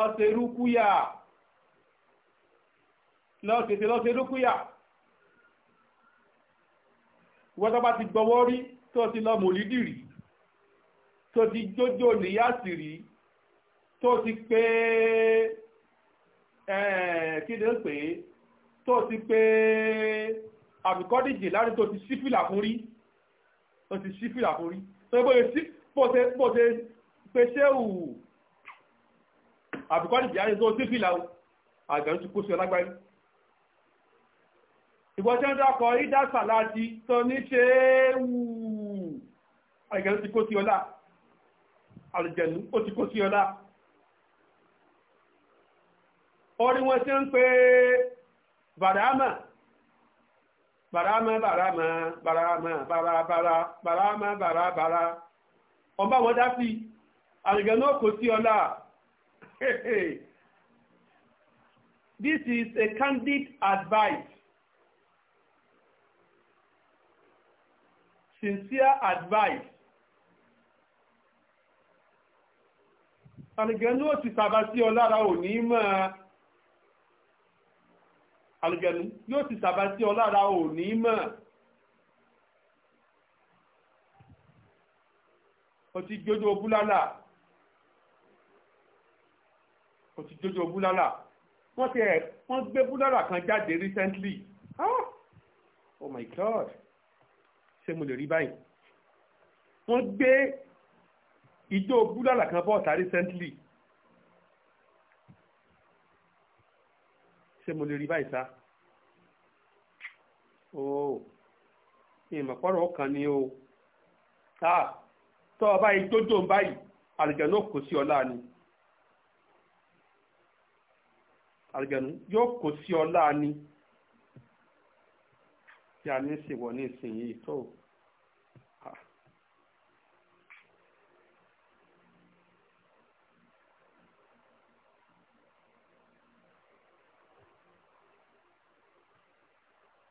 ìwọ́n tó bá ti gbọ́wọ́ rí tó ti lọ mòlídì rí tó ti jójó níyàsì rí tó ti pé kíni ó pè é tó ti pé àbíkọ́díjì láti tó ti sífìlà fún rí tó ti sífìlà fún rí tó ti bóyá sí bó ṣe pé ṣéwù àbíkọ́díjì láti tó sífìlà àgbẹ̀rún ti kó sí ọlágbáyé ìgbọ́jọ́ ń dákọ̀ ìdásà láti tó ní ṣe wù orí wọn ṣe ń pé bàrámà bàrámà bàrámà bàrámà bàrábàrá bàrámà bàrábàrá ọba wọn dá sí àrùjẹ̀nú ó kó sí ọlá This is a candid advice sincere advice alìgẹ̀nú ò ti sàbá sí ọ lára ò ní mọ̀ alìgẹ̀nú yóò ti sàbá sí ọ ò ní mọ̀ ó ti jójó búlálà ó ti jójó búlálà wọ́n ti ẹ̀ wọ́n gbé búlálà kan jáde recently ah oh my god ṣé mo lè rí báyìí wọ́n gbé ijó búlàlà kan bọ́ ọ̀tá recently ṣé mo lè rí báyìí sá ooo ìmọ̀pọ̀rọ̀ kan ni o ta tọ́ ọ báyìí jójó ń báyìí àlùjẹ̀nu kò sí ọlá ni àlùjẹ̀nu yóò kò sí ọlá ni tí a ní ṣèwọ ní ìsinyìí tó o.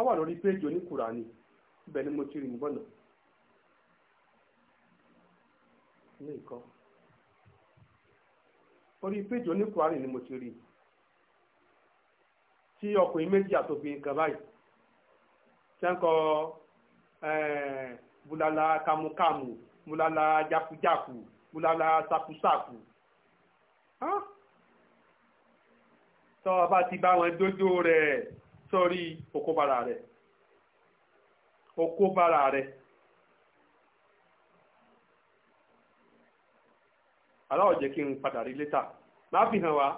wọ́n wà lórí péjì oníkùrà ni ibẹ̀ ni mo ti rí mú bọ́nà ilé ìkọ́ orí péjì oníkùrà ni mo ti rí tí ọkùnrin méjì àtòbìnrin kan báyìí tí wọ́n kọ eh, bulala kamukamu bulala jakujaku bulala sakusaku tọ́ ọ bá ti bá wọn dójó rẹ̀. sọ́rí okóbára rẹ̀ okóbára rẹ̀ aláwọ̀ kí n padà rí létà máa fi hàn wá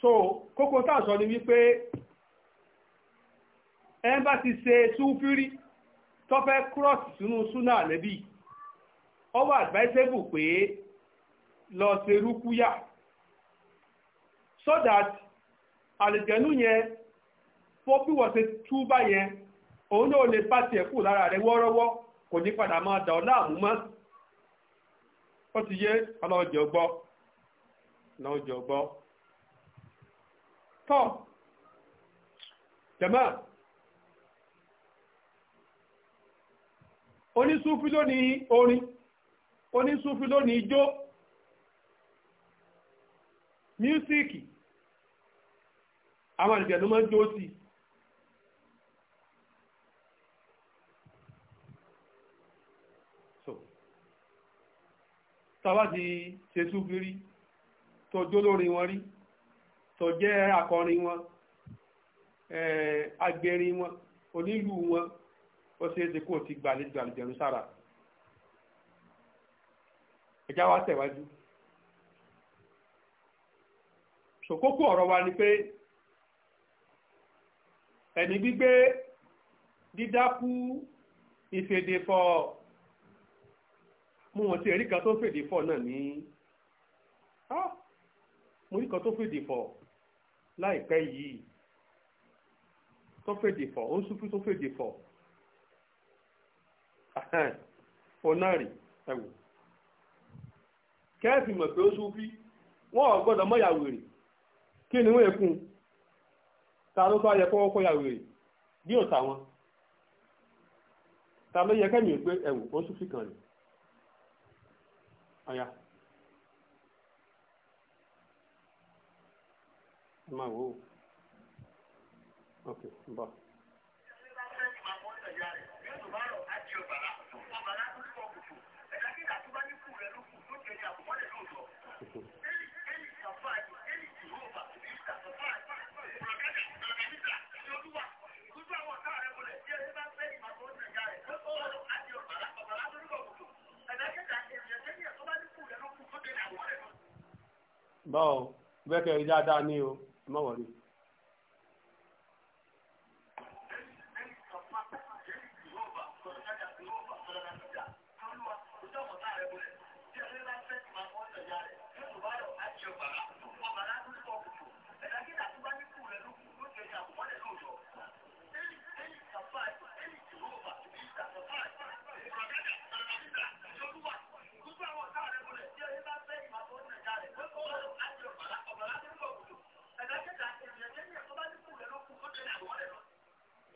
so kókó tá sọ ni wípé ẹ bá ti ṣe súfírí tó fẹ́ kúrọ̀sì sínú súnà lẹ́bí ó wà advisable pé lọ ṣerú kúyà so that àlìjẹ̀nú yẹn fún bí wọ́n ṣe túbà yẹn òun náà lè bá tiẹ̀ lára rẹ̀ wọ́ọ́rọ́wọ́ kò ní padà máa dà ọ́ láàmú mọ́ ó ti yé ọlọ́ọ̀jẹ̀ ọgbọ́ ọlọ́ọ̀jẹ̀ ọgbọ́ tọ́ jẹ̀mọ́ onísúfí lónìí orin onísúfí lónìí ijó mísíkì àwọn tàbá ti ṣe súfì rí tó jó lórí wọn rí tó jẹ́ akọrin wọn agbẹrin wọn onílù wọn ó ṣe é ṣe kó o ti gbàlejò sára ẹjá wa tẹ̀wájú ṣòkókò ọ̀rọ̀ wa ni pé ẹni gbígbé dídákú ìfèdèfọ̀ mo mọ̀ tí ẹ̀rí tó fèdè fọ̀ náà ní mo rí tó fèdè fọ̀ láìpẹ́ yìí tó fèdè fọ̀ ó ń súnfún tó fèdè fọ̀ onari ẹ̀wò kẹ́ẹ̀fì mọ̀ pé ó súnfún wọn ò gbọ́dọ̀ mọ́ yàwó rẹ̀ kí ni wọ́n èkún ta ló bá yẹ kọ́wọ́ kọ́ yàwó rẹ̀ bí ò ta ló yẹ kẹ́mi ò gbé ó súnfún kan rẹ̀ ọ̀yà ẹ máa wò ó ok bọ́. Thank you. báwo bẹ́ẹ̀ kẹ́ ẹ rí dáadáa ní o ẹ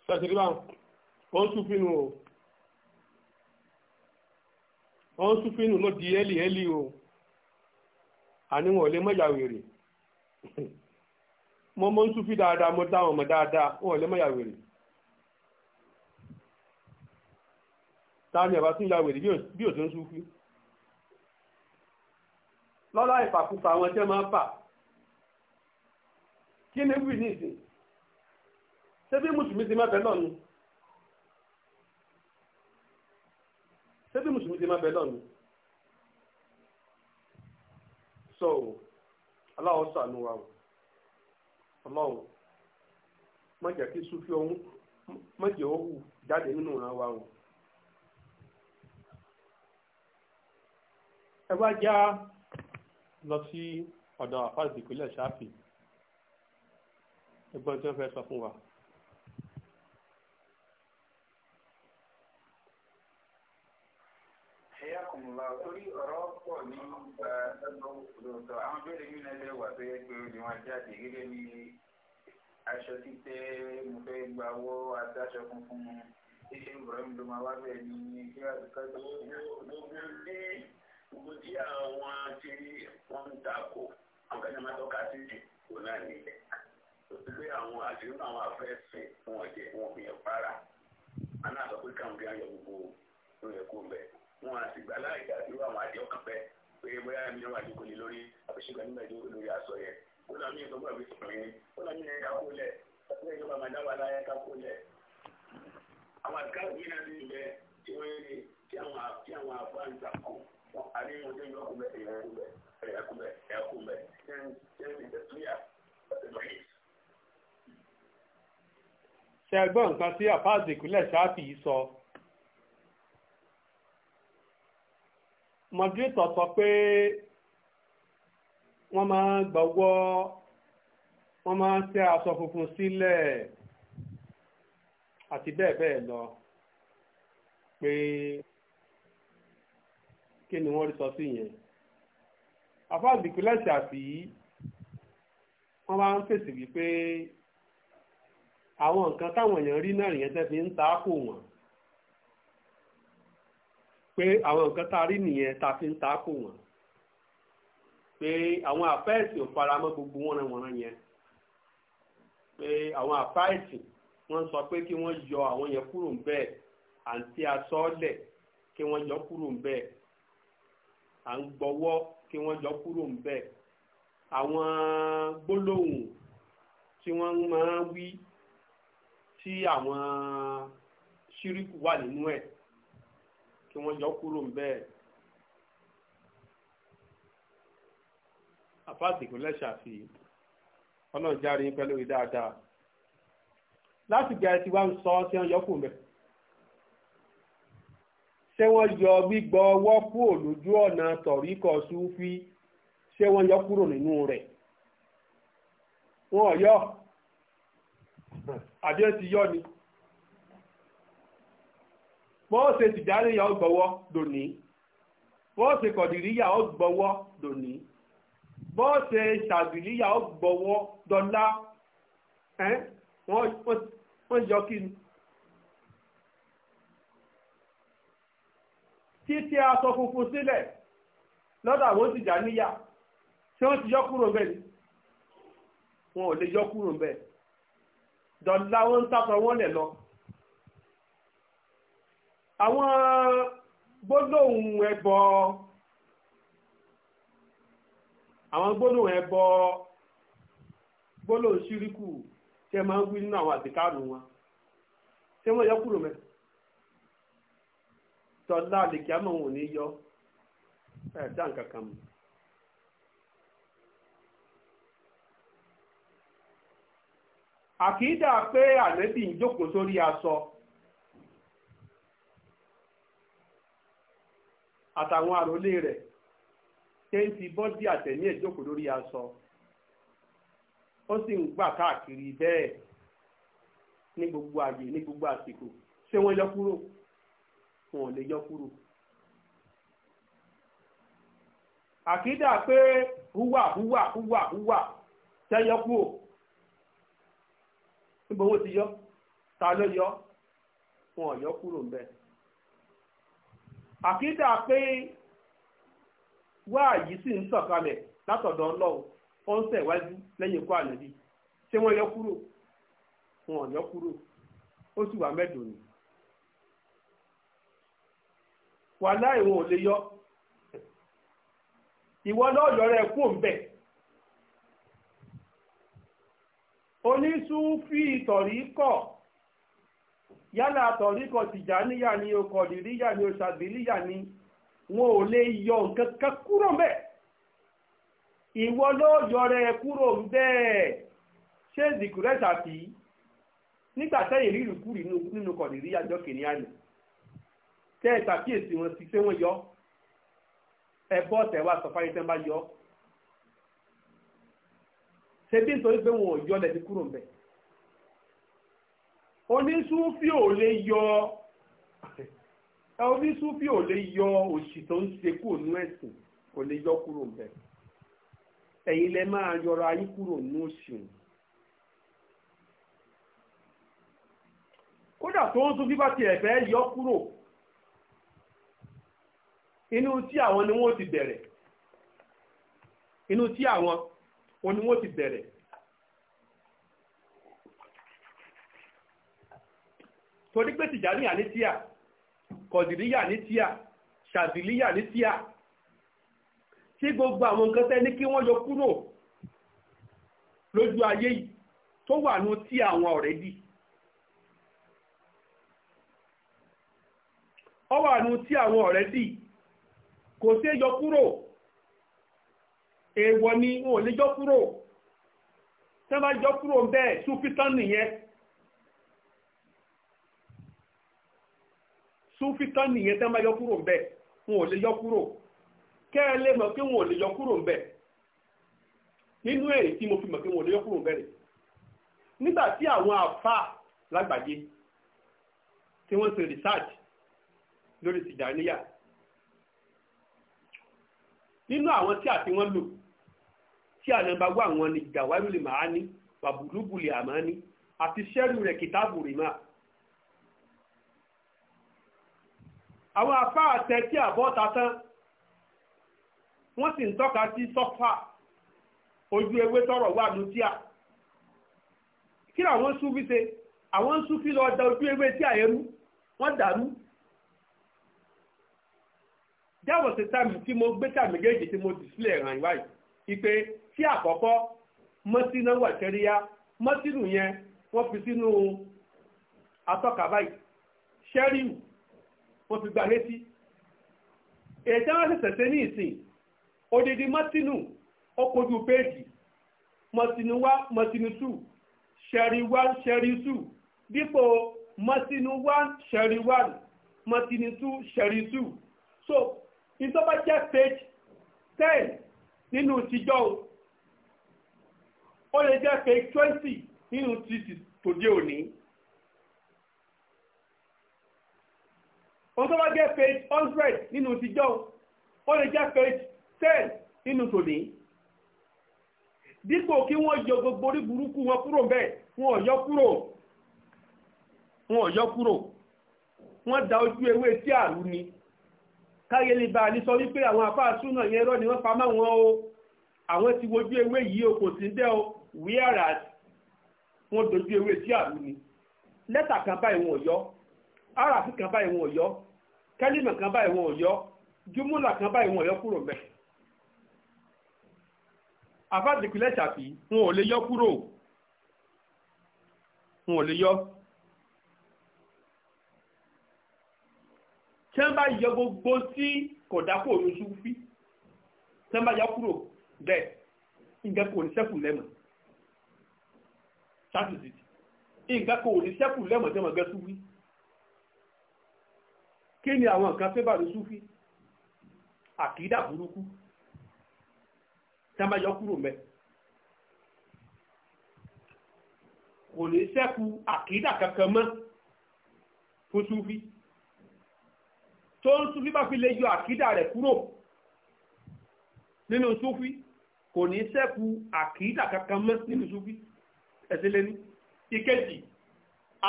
tẹ̀sírí bá ó ń súnfínú o ó ń súnfínú ló di ẹ́lì ẹ́lì o àníwọ̀n ò lè mọ̀yà wèrè mo mọ̀ ń súnfí dáadáa mo dáwọn ọmọ dáadáa wọn ò lè mọ̀yà wèrè táwọn ìyàbá tún ya wèrè bí ò tó ń súnfí lọ́lá ìfàkùfà àwọn tẹ́ máa ń fà kí ni wí ní ìsìn ṣé bí mùsùlùmí ti máa bẹ̀ lọ́nu ṣé bí mùsùlùmí so aláwọ̀ sànù wa o ọlọ́run má jẹ́ kí sufi ọ̀hún má jẹ́ òwú jáde nínú ìran wa o. ẹ já lọ sí ọ̀dọ̀ àfáàsì ìpínlẹ̀ ṣáfì ẹgbọ́n tí wọ́n fẹ́ sọ fún wa. lọ torí ọ̀rọ̀ pọ̀ ní ẹnu òdòdó àwọn béèrè yìí náà lè wà tó yẹ pé olè wọn jáde gẹ́gẹ́ bí aṣọ títẹ́ mo fẹ́ gba owó aṣọ funfun mu ṣíṣe ìbọ̀rẹ́mi ló máa wá bẹ̀ ní kí àdúgbò tó gbogbo ní gbogbo tí àwọn tí wọ́n ń àwọn kan ní máa tọ́ka sí ìdìbò náà nílẹ̀ pé àwọn àdéhùn àwọn afẹ́sìn wọn jẹ wọn fi hàn para aná àtọ́pẹ́ kàmùkì ayọ̀ gbogbo wọn á sì gbà láì dá irú àwọn àjọ kan fẹ́ pé bóyá ẹni wà ní kòlí lórí àbíṣègbè nígbà ìjọ lórí aṣọ yẹn ó lọ mí ìtọ́gbọ́n ìwé sọ̀rọ̀ yẹn ó lọ mí ìrìn kakó lẹ̀ ọ̀pẹ́ ìjọba màdá wà láyé kakó lẹ̀. àwọn àdìkáwò yìí náà ti ń bẹ tí wọ́n yé tí àwọn tí àwọn àbá ń takò wọn àní wọn tó yọ kúbẹ ìyàkúbẹ ìyàkúbẹ ìyàkúbẹ ṣe gbọ́ nǹkan tí àfáàzì ìpínlẹ̀ ṣáàfì yìí sọ mọ̀dúrítọ̀ sọ pé wọ́n máa gbọ́wọ́ wọ́n máa ń tẹ́ aṣọ funfun sílẹ̀ àti bẹ́ẹ̀ bẹ́ẹ̀ lọ pé kí ni wọ́n rí sọ sí yẹn afáàdìkú lẹ́sẹ̀ àti wọ́n máa ń fèsì wípé àwọn nǹkan táwọn èèyàn rí náà yẹn tẹ́ fi ń ta kò wọ́n pé àwọn nǹkan tá a rí nìyẹn tá a fi ń ta kò wọ́n pé àwọn àfẹ́ẹ̀sì ò faramọ́ gbogbo wọn wọ̀nrán yẹn pé àwọn àfẹ́ẹ̀sì wọ́n sọ pé kí wọ́n yọ àwọn yẹn kúrò ń bẹ́ẹ̀ àǹtí asọ́ọ̀lẹ̀ kí wọ́n yọ kúrò ń à ń gbọ́wọ́ kí wọ́n yọ kúrò ń àwọn gbólóhùn tí wọ́n máa ń wí tí àwọn ṣíríkù wà nínú ẹ̀ kí wọ́n yọ kúrò ń bẹ́ẹ̀. àfáàtì ìpínlẹ̀ ṣàfi ọlọ́ọ̀já láti gẹ̀ẹ́ tí wá ń sọ tí wọ́n yọ mẹ́ ṣé wọ́n yọ gbígbọ́ ọwọ́ kúrò lójú ọ̀nà tọ̀ríkọ̀ súfí ṣé wọ́n yọ kúrò nínú rẹ̀ yọ àdéhùn ti yọ ni. bọ́ọ̀sì tìjáníyà ó gbọ́wọ́ dòní bọ́ọ̀sì kọ̀dìríyà ó gbọ́wọ́ dòní bọ́ọ̀sì ṣàbìlíyà ó gbọ́wọ́ dọ́là wọ́n yọ kí ni. títí aṣọ funfun sílẹ̀ lọ́dọ̀ àwọn tìjáníyà tí wọ́n ti yọ kúrò bẹ́ẹ̀ ni wọn ò lè yọ kúrò bẹ́ẹ̀ dọ́là wọn ń tàtọ̀ wọn lẹ̀ lọ. àwọn gbólóhùn ẹbọ àwọn ẹbọ tí ẹ máa ń wí nínú àwọn wọn tí wọ́n yọ kúrò tọ́lá àmọ́ òun ò pé ń sórí aṣọ. àtàwọn àròlé rẹ̀ téńtì bọ́dí àtẹ̀mí ẹ̀ lórí aṣọ ó sì ń gbà káàkiri bẹ́ẹ̀ ní gbogbo àyè ní gbogbo àsìkò ṣé wọ́n yọ kúrò wọn ò lè yọ kúrò. àkídà pé húwà húwà húwà húwà kúrò níbo wọn ti yọ ta ló yọ wọn ò yọ kúrò ń àkídà pé wáàyí sì ń sọ̀kalẹ̀ látọ̀dọ̀ ọlọ́run ó ń tẹ̀wájú lẹ́yìn ikú ànábì ṣé wọ́n yọ kúrò wọn ò yọ kúrò ó sì wà mẹ́dùn ni wàhálà ìwọ̀n ò lè yọ ìwọ lọ́ọ̀yọ́ rẹ̀ kú ìtọ̀rí yálà àtọ̀ríkọ̀ tìjàníyà ni o kọ̀dìríyà ni o ṣàbílíyà ni wọn ò lè yọ nǹkan kan kúrò mbẹ̀ ìwọ ló yọrẹ kúrò mbẹ̀ ṣé zikure ṣàfi nígbà tẹ́yìn rírì kúrì nínú kọ̀dìríyà jọ kìnìún àná tẹ́ ẹ ṣàkíyèsí wọn sí pé wọ́n yọ ẹ bọ́ tẹ̀wá sọ fáyé tẹ́ ń bá yọ ṣebí nítorí pé wọn ò yọ lẹ́sìn kúrò mbẹ̀ onísúfì ò lè yọ onísúfì ò lè yọ òṣì tó ń ṣe kúrò nínú ẹ̀sìn kò lè yọ kúrò ń bẹ̀ ẹ̀yin lẹ máa yọra yín kúrò nínú òṣì òun. kódà tó ń tún bí bá tiẹ̀ fẹ́ yọ kúrò inú tí àwọn ni wọ́n ti bẹ̀rẹ̀ inú tí àwọn ni wọ́n ti bẹ̀rẹ̀. torí pé tìjàníyà ní tíà kọ̀dìríyà ní tíà ṣàdìlíyà gbogbo àwọn nǹkan tẹ́ ní kí wọ́n yọ kúrò lójú ayé yìí tó wà ní tí àwọn ọ̀rẹ́ dì ọ wà ní tí àwọn ọ̀rẹ́ dì kò yọ kúrò èèwọ̀ ni wọn ò yọ kúrò tẹ́ bá yọ kúrò bẹ́ẹ̀ súnfítán nìyẹn súnfítàn nìyẹn tẹ́ máa yọ kúrò ń bẹ̀ wọn ò lè yọ kúrò kẹ́ ẹ lè mọ̀ pé wọn ò lè yọ kúrò ń bẹ̀ nínú èyí tí mo fi mọ̀ pé wọn ò lè yọ kúrò ń bẹ̀ rẹ̀ nígbà tí àwọn àfa lágbàáyé tí wọ́n ṣe research lórí tìjàníyà nínú àwọn tí àti wọ́n lò tí ànàbàgbọ́ àwọn ni gàwárùlì màá ní wàbùlùbùlì àmà ní àti sẹ́rù rẹ̀ kìtàbù rìmáà àwọn afá àtẹ̀tí àbọ́ta tán wọ́n sì ń tọ́ka sí sọ́fà ojú ewé tọrọ wà lótíà kí làwọn súnfí ṣe àwọn ń súnfí lọ da ojú ewé tí àyẹrú wọ́n dàrú jáwọ̀ sí táàmì tí mo gbé táàmì méjèèjì tí mo dìsílẹ̀ ràn wáyé ipe tí àkọ́kọ́ mọ́sínà wà kẹríyá mọ́sínù yẹn wọ́n fi sínú atọ́ka báyìí ṣẹ́ríù wọ́n fi gba létí èyí tí wọ́n ṣẹ̀ṣẹ̀ ṣe ní ìsìn odidi mọ́tínù ó kojú péèjì mọ́tínù wá mọ́tínù tù ṣẹ̀rí wá ṣẹ̀rí tù dípò mọ́tínù wá ṣẹ̀rí wá mọ́tínù tù ṣẹ̀rí tù so ìtọ́ba jẹ́ page ten nínú ìtijọ́ ó lè jẹ́ page twenty nínú títì tòde òní. o tó bá jẹ́ page hundred nínú tijọ́ ó lè jẹ́ page ten nínú tòní dípò kí wọ́n yọ gbogbo orí burúkú wọn kúrò bẹ́ẹ̀ wọn ò yọ kúrò wọn ò yọ kúrò wọ́n da ojú ewé tí àrú ni káyé lè bá ní sọ wípé àwọn àfáà súnà yẹn rọ́ ni wọ́n pa máwọn o àwọn ti wojú ewé yìí o kò sí bẹ́ẹ̀ o wíyàrá wọ́n dojú ewé tí àrú ni lẹ́tà kan báyìí wọn ò yọ áràfin kan báyìí wọn yọ kẹ́límà kan báyìí wọn ò yọ júmúlà kan báyìí wọn ò yọ kúrò mẹ́ àfàdìpínlẹ̀ ṣàfi wọn ò lè yọ kúrò wọn ò lè yọ. tí wọ́n bá yọ gbogbo sí kọ̀dákò ní sùfí tí wọ́n bá yọ kúrò bẹ́ẹ̀ nǹkan kò ní sẹ́kù lẹ́mọ̀ ṣáàtì nǹkan kò ní sẹ́kù lẹ́mọ̀ tí wọ́n gbẹ́ sùfí kí ni àwọn nǹkan fẹ́ bàrù súfí àkídà burúkú tí a máa yọ kúrò mẹ́ kò ní sẹ́kù àkídà kankan mọ́ fún súfí tó ń súfí bá fi lè yọ àkídà rẹ̀ kúrò nínú súfí kò ní sẹ́kù àkídà kankan mọ́ nínú súfí ẹ̀sìn lẹ́ni ìkejì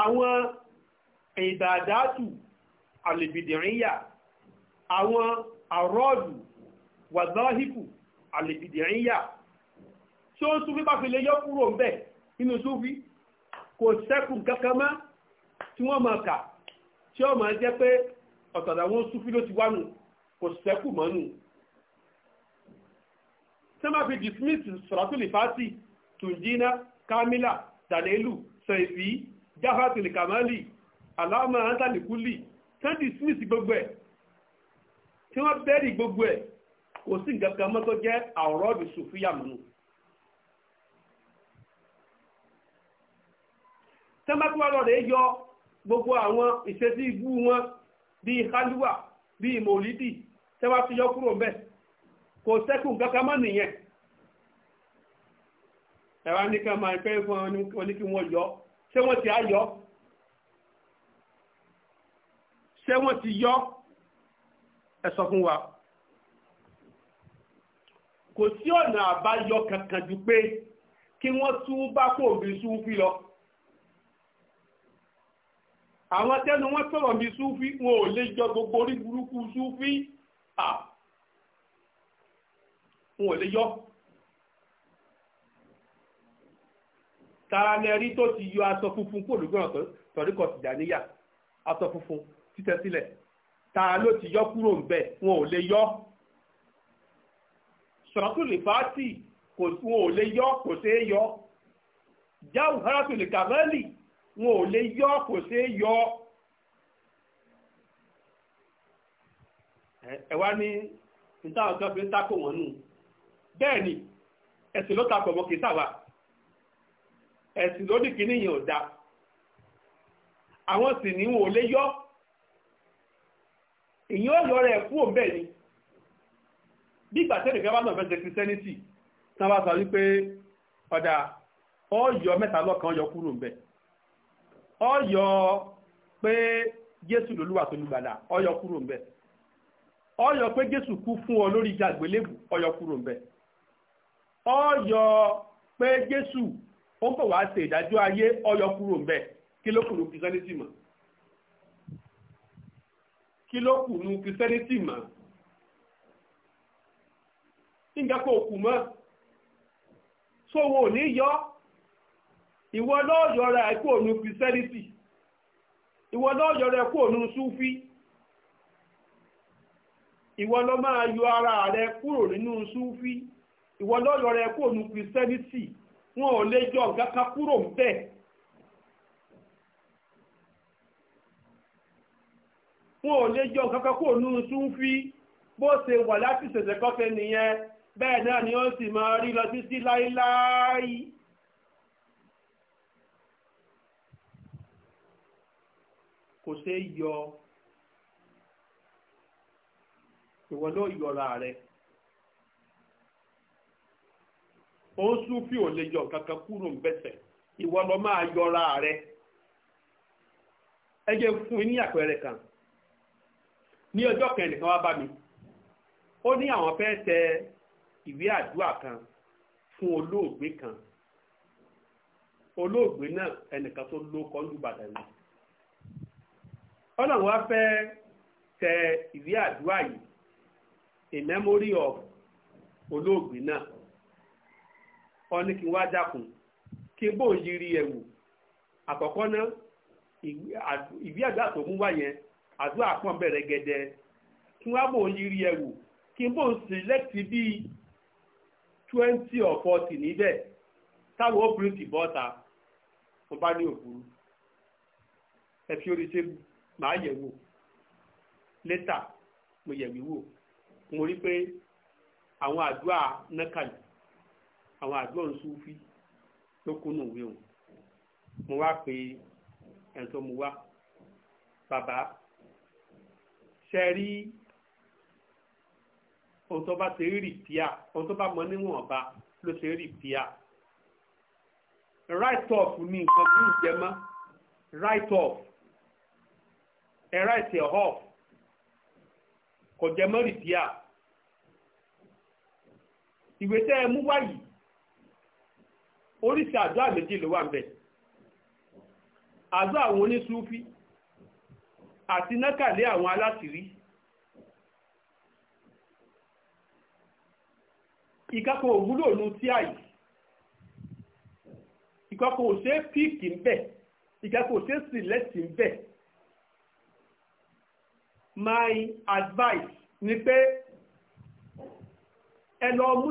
àwọn ìbàdàtù alìbìdìríyà àwọn àrọ́ọ̀dù wàzáhìkù alìbìdìríyà tí ó ń súnfí bá fi lè yọ kúrò ń bẹ̀ nínú súnfí kò sẹ́kù kankan mọ́ tí wọ́n máa kà tí ó máa jẹ́ pé ọ̀tọ̀dà wọn súnfí ló ti wá nù kò sẹ́kù mọ́ nù tí fi dismiss sọ̀rọ̀tún lè fásitì tùndínà kámílà dàlélù sẹ̀fì jáfàtìlì kàmálì aláàmà áńtàlìkúlì tán dismiss gbogbo ẹ̀ tí wọ́n bẹ́rì gbogbo ẹ̀ kò sí nǹkan kan mọ́ tó jẹ́ àwòrán ìṣòfíà mọ́nù. tẹ́mbàtúwà lọ́rẹ̀ yọ gbogbo àwọn ìṣesí ibú wọn bíi halluwa bíi mòlídì tẹ́wà ti yọ kúrò mbẹ́ kò sẹ́kù kankan mọ́ nìyẹn ẹ̀rọ anìkan máa ń pẹ́ fún oníkí wọn yọ ṣé wọ́n ti á yọ ṣé wọ́n ti yọ ẹ sọ fún wa kò sí ọ̀nà àbáyọ kankan ju pé kí wọ́n tún bá kó òbí súnfí lọ àwọn tẹnu wọn sọ̀rọ̀ bí súnfí wọn ò lè yọ gbogbo orí burúkú súnfí à wọn ò lè yọ tara lẹ́rí tó ti yọ aṣọ funfun kó olùgbọ́n tọ́ríkọ̀ tìjà níyà aṣọ funfun títẹ̀ ta ló ti yọ kúrò ń bẹ̀ wọn ò lè yọ sọ̀rọ̀tùlì fàátì wọn ò lè yọ kò yọ jáwù haratùlì kàmẹ́lì wọn ò lè yọ kò yọ. ẹ wá ní fi ń tako wọn nù bẹ́ẹ̀ ni ẹ̀sìn ló ta pọ̀mọ́ kì í sàwà ẹ̀sìn ló ní kíní yẹn ò da èyí yọ rẹ̀ fún òun ni bí ìgbà tẹ́lẹ̀ gbá bá náà fẹ́ẹ́ kìrìsẹ́nìtì tí wọ́n bá sọ wípé ọ̀dà ọ̀yọ́ mẹ́ta lọ́kàn kúrò ńbẹ̀ ọ̀yọ́ pé jésù lolúwa tó lùgbàlà ọ̀yọ́ kúrò ńbẹ̀ ọ̀yọ́ pé jésù kú fún ọ lórí ìjà àgbélébù ọ̀yọ́ kúrò ńbẹ̀ ọ̀yọ́ kí ló kù nu kìrìsẹ́nìtì kò kù mọ́ so wọn ò ní yọ ìwọ náà yọra ẹ̀ kúrò nu kìrìsẹ́nìtì ìwọ náà yọra iwọ kúrò ma yọ ara rẹ kúrò nínú súfì ìwọ ló rẹ kúrò nu kìrìsẹ́nìtì wọn ò lè kúrò ń bẹ́ẹ̀. wọn ò lè yọ kankan kó nú súnfí bó ṣe wà láti ṣẹ̀ṣẹ̀ kọ́kẹ́ nìyẹn bẹ́ẹ̀ náà ni ó sì máa rí lọ sí sí láíláí. kò ṣe é yọ ìwọ ló yọra rẹ ó ń súnfí ò lè yọ kankan kúrò ń bẹ̀sẹ̀ máa yọra rẹ ẹ fún ní àpẹẹrẹ kan ní ọjọ́ kan ẹnìkan wá bá mi ó ní àwọn fẹ́ tẹ ìwé àdúrà kan fún olóògbé kan olóògbé náà ẹnìkan tó ló kọ́ lùbàdàn ni ọlọ́run wá fẹ́ tẹ ìwé àdúrà yìí in memory of olóògbé náà ó ní kí n wá dákun kí n bò ń yiri ẹ̀wù àkọ́kọ́ náà ìwé àdúrà tó mú wá yẹn àdúrà pọ̀n bẹ̀rẹ̀ gẹ́dẹ́ kí wọ́n bò yiri ẹ̀wù kí n bò select bíi twenty or forty níbẹ̀ táwọn obìnrin ti bọ́ ta mo bá ní òkúrú ẹ fi orí tébù màá yẹ̀ wò létà mo yẹ̀ wíwò mo rí pé àwọn àdúrà nákàlì àwọn àdúrà nsúfì ló kúnnù wíwò mo wá pé ẹ̀ tó mo wá bàbá ṣẹ̀rí ohun tó bá ṣe rì píà ohun tó bá mọ níwọ̀nba ló ṣe rì píà right off ní nǹkan tí ń jẹ mọ́ right off ẹ right ẹ off kò jẹ mọ́ rì píà ìwé tẹ́ ẹ mú wáyìí oríṣi àdúrà méjì ló wà ń bẹ̀ àdúrà àwọn oníṣúfì àti nákàlé àwọn aláṣìírí ìkákan òwúlò nu tí àyè ìkákan ò ṣe é píìkì ń bẹ̀ ìkákan ò sílẹ̀tì ń bẹ̀ my advice ni pé ẹ lọ mú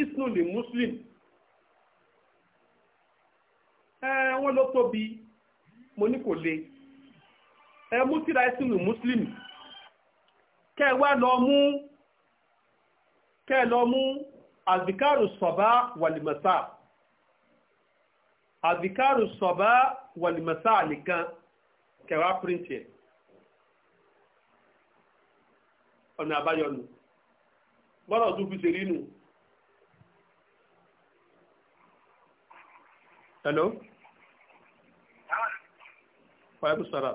isnuli muslim ẹ wọ́n ló tóbi mo ní kò le ẹ mú tíra ìsìnù muslim kẹ wá lọ mú kẹ lọ mú azikaru sọba wàlìmọ̀sá azikaru sọba wàlìmọ̀sá nìkan kẹ wá píríntì ẹ̀ ọ̀nà àbáyọnù bọ́lá ọdún fi ṣèrí nù. hello. wàhálà sọ̀rọ̀.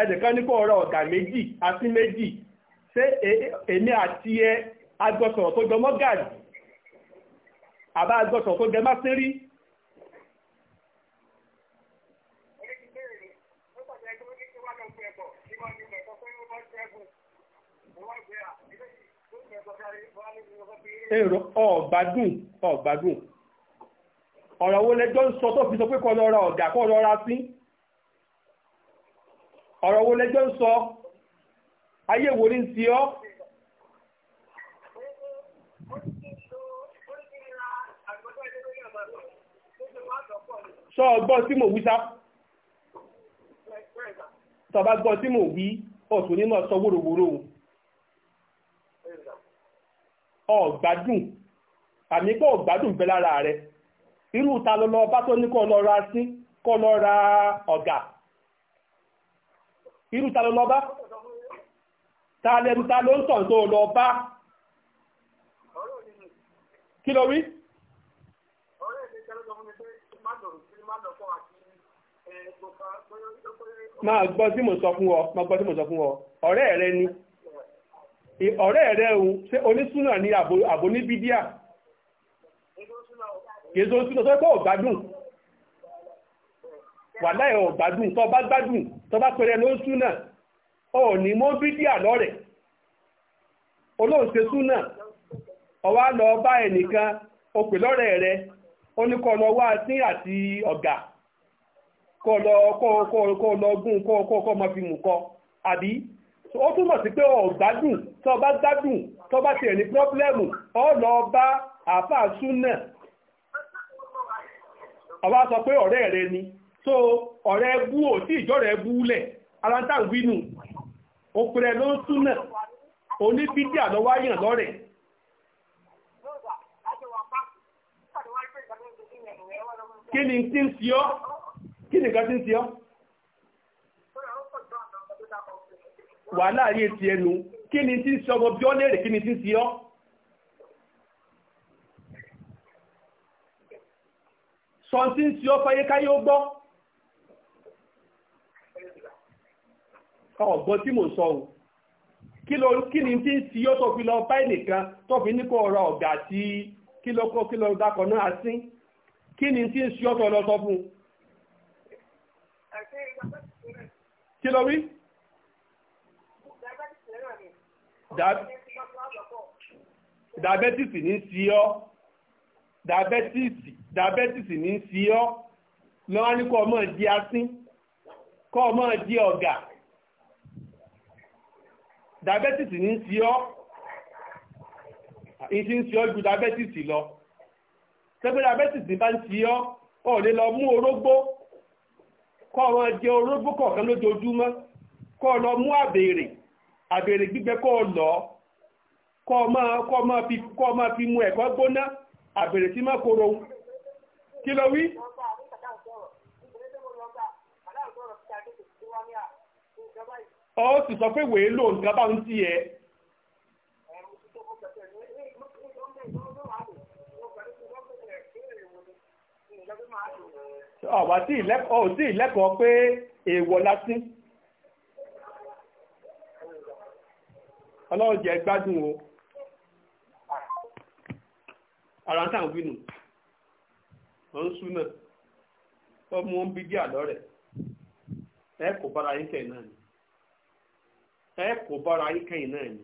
ẹnìkan ní kò rọ meji méjì àti méjì ṣé e, èmi àti ẹ agbọ́sọ̀rọ̀ tó jọmọ́ gàdì àbá agbọ́sọ̀rọ̀ tó jẹmọ́ sírí. èrò ọ̀gbádùn ọ̀gbádùn ọ̀rọ̀ wo lẹjọ́ ń sọ tó fi sọ pé kọ́ ọ̀gá ọ̀rọ̀ wo lẹ́jọ́ ń sọ ayé wo ní ti ọ́ sọ ọgbọ́n tí mò wí sá tọba gbọ́n tí mò wí ọ̀tún nínú ọ̀sọ́ wòròwòrò ọ̀gbádùn àmì pé ọ̀gbádùn bẹ lára rẹ̀ irú ta lọ lọ bá tó ní kọ́ lọ ra sí kọ́ lọ ra ọ̀gà irú ta ló lọ bá ta lẹ́nu ta ló ń tọ̀ tó lọ bá kí ló wí máa gbọ́ tí mo sọ fún ọ máa gbọ́ tí mo sọ fún ọ ọ̀rẹ́ rẹ ni ọ̀rẹ́ rẹ òun ṣe onísúnà ní àbò níbídíà kìí ṣe onísúnà tó kọ́ ọ̀gbádùn wàláì ò gbádùn tó bá gbádùn tó bá pẹ̀rẹ̀ ló ń súnà ò ní mọ́ bídíà lọ́rẹ̀ olóòṣè súnà ọ̀wá lọ bá ẹnìkan o pè lọ́rẹ̀ rẹ ó ní kọ́ lọ wá sí àti ọ̀gà kọ́ lọ kọ́ lọ gún kọ́ kọ́ kọ́ máa fi mú kọ́ àbí ó sí pé tó bá ọ lọ bá ọba sọ pé ọ̀rẹ́ rẹ ni so ọ̀rẹ́ bú ò tí ìjọ́ rẹ̀ bú lẹ̀ aláta wínú òpìrẹ̀ ló ń súnà oníbídí àlọ́wáyàn lọ́rẹ̀ kí ni tí ń sí ọ́ kí ni kan tí ń sí ọ́ wà láàrin ti ẹnu kí ni tí ń sí ọmọ bí ọ́ lérè kí ni tí ń sí ọ́ sọ tí ń sí ọ́ fáyékáyé ó gbọ́ ọ̀gbọ́n tí mò ń sọ o kí ló kí ni tí ń ti yọ́ tó fi lọ bá ẹnìkan tó fi ní kó ọ̀rọ̀ ọ̀gá tí kí ló kọ́ kí ló dákọ̀ náà sí kí ni tí ń ṣe ọ́ tó lọ sọ fún un. kí ló wí. dàbẹ́tìsì ní sí ọ́ dàbẹ́tìsì dàbẹ́tìsì ní sí ọ́ lọ́wọ́ ní kó ọmọ di asín kó ọmọ di ọ̀gá diabetes ní ń sí ọ́ ìṣí ń sí ọ́ ju diabetes lọ tẹ́gbẹ́ diabetes ní bá ń sí ọ́ ọ̀ lè lọ mú orógbó kọ́ ọ jẹ orógbó kọ̀ọ̀kan lójoojúmọ́ kọ́ ọ lọ mú àbèrè àbèrè gbígbẹ kọ́ ọ lọ kọ́ ọ máa kọ́ ọ máa fi mú ẹ̀kọ́ gbóná àbèrè tí má koro kí ló wí ọ sì sọ pé wèé lò nǹkan bá ń tí ẹ ọ̀wà tí ìlẹ́kọ̀ọ́ pé èèwọ̀ lásí ọlọ́run jẹ́ gbádùn o ara táà wínú wọ́n ń súnà ọmọ ń bí díà lọ́rẹ̀ ẹ kò bọ́ra yín náà ni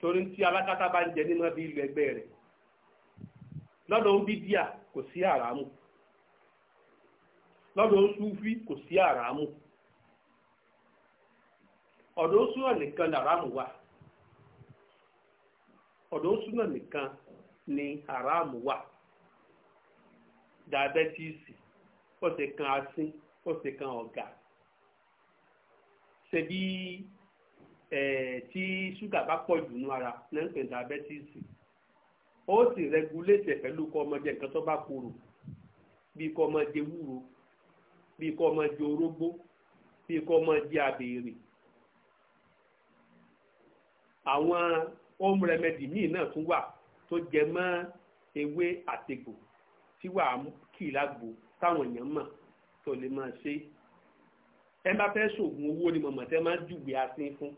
torí tí alákatá bá ń jẹ nínú bí ìlú ẹgbẹ́ rẹ̀ lọ́dọ̀ ń bí díà kò sí àràmù ń súfí kò sí àràmù ń súnà nìkan wà ń súnà nìkan ni àràmù wà dàbẹ́tíìsì ó ti kan asín ó ti ṣebí tí ṣúgà bá pọ̀ jù nú ara náà ń pè diabẹ́tíìsì ó sì rẹgulétì ẹ̀ pẹ̀lú kọ́ ọmọ jẹ nǹkan tó bá korò bí kọ́ ọmọ jẹ wúro bí kọ́ ọmọ jẹ orógbó bí kọ́ ọmọ jẹ àbèrè àwọn home remedy míì náà tún wà tó jẹ mọ́ ewé àtegbò tí wàá kì lágbo táwọn èèyàn mọ̀ tó lè máa ṣe é ẹ bá fẹ́ ṣògùn owó ni mọ̀mọ́ tẹ́ máa ń júwe asin fún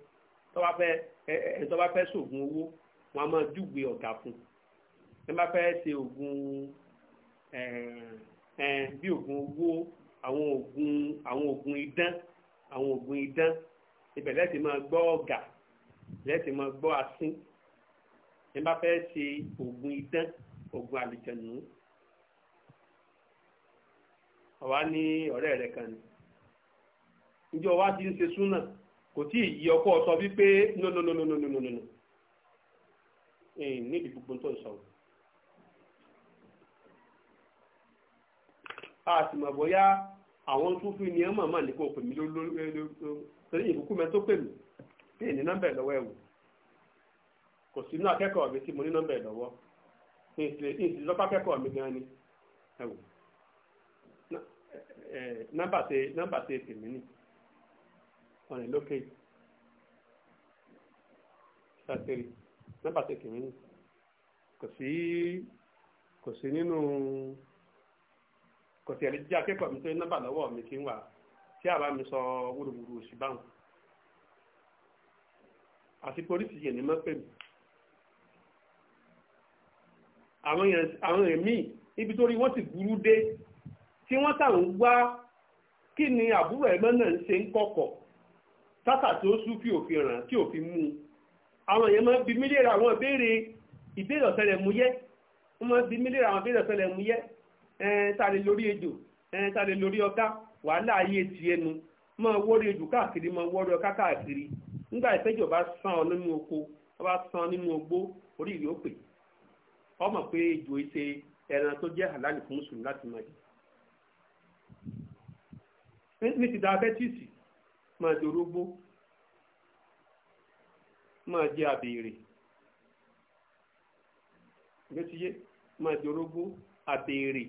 tó bá fẹ́ ẹ tó bá fẹ́ ṣògùn owó wọn a máa júwe ọ̀gá fún ẹ bá fẹ́ ṣe ògùn ẹ ẹ bí ògùn owó àwọn ògùn àwọn ògùn idán àwọn ògùn idán ibẹ̀ lẹ́sìn máa gbọ́ ọ̀gá lẹ́sìn máa gbọ́ asin ẹ bá fẹ́ ṣe ògùn idán ògùn àlìjẹ̀nù ọ̀wá ní ọ̀rẹ́ rẹ̀ kan ni ìjọ wa ti ń ṣe súnà kò tí ì yí ọkọ sọ wípé no no no no no no no no ee níbi gbogbo tó ń sọ. a sì mọ̀ bóyá àwọn tó fi ní ọmọ àmà ní kò pè mí lórí ìkúkú mẹ́ tó pè mí bí ní nọ́mbà ẹ̀ lọ́wọ́ ẹ̀ wò kò sí inú akẹ́kọ̀ọ́ mi tí mo ní nọ́mbà ẹ̀ lọ́wọ́ ìsìn lọ́pàá akẹ́kọ̀ọ́ mi gan ni ẹ̀ wò nọ́mbà tẹ nọ́mbà tẹ tèmi nìyí ọkàn rẹ̀ lókè ṣàtẹ̀rì nọ́mbà tètè mí kò sí kò sí nínú kò sí ẹ̀rí jẹ́ akẹ́kọ̀ọ́ mi tó ní nọ́mbà lọ́wọ́ mi kí n wà tí àbá mi sọ wúrúwúrú òsì báwọn àti polisi yẹn ni mọ́ pè mí àwọn èèyàn míì níbi tó rí wọ́n ti burú dé tí wọ́n tà ń wá kí ni àbúrò ẹ̀gbọ́n náà ń ṣe ń kọ̀kọ̀ tátà tó súfì òfin ràn tí òfin mú àwọn èèyàn máa ń bi mílíọ̀nù àwọn ìbéèrè ìbéèrè ọ̀sẹ̀lẹ̀ mú yẹ́ wọ́n máa ń bi mílíọ̀nù àwọn ìbéèrè ọ̀sẹ̀lẹ̀ mú yẹ́ ẹ̀ẹ́n ta lè lórí ejò ẹ̀ẹ́n ta lè lórí ọká wàhálà ayé ti ẹnu máa wọ́rí ejò káàkiri máa wọ́rí ọká káàkiri nígbà ìfẹ́jọ̀ bá sàn ọ nínú oko ọba sàn nínú ogbó orí ìlú òpè ọmọ pé ejò ìṣe ẹran tó jẹ́ halal fún mùsùlùmí láti máa jẹ ní ti diabetes máa dorógbó máa jẹ àbèrè gbẹ́tíyé máa dorógbó àbèrè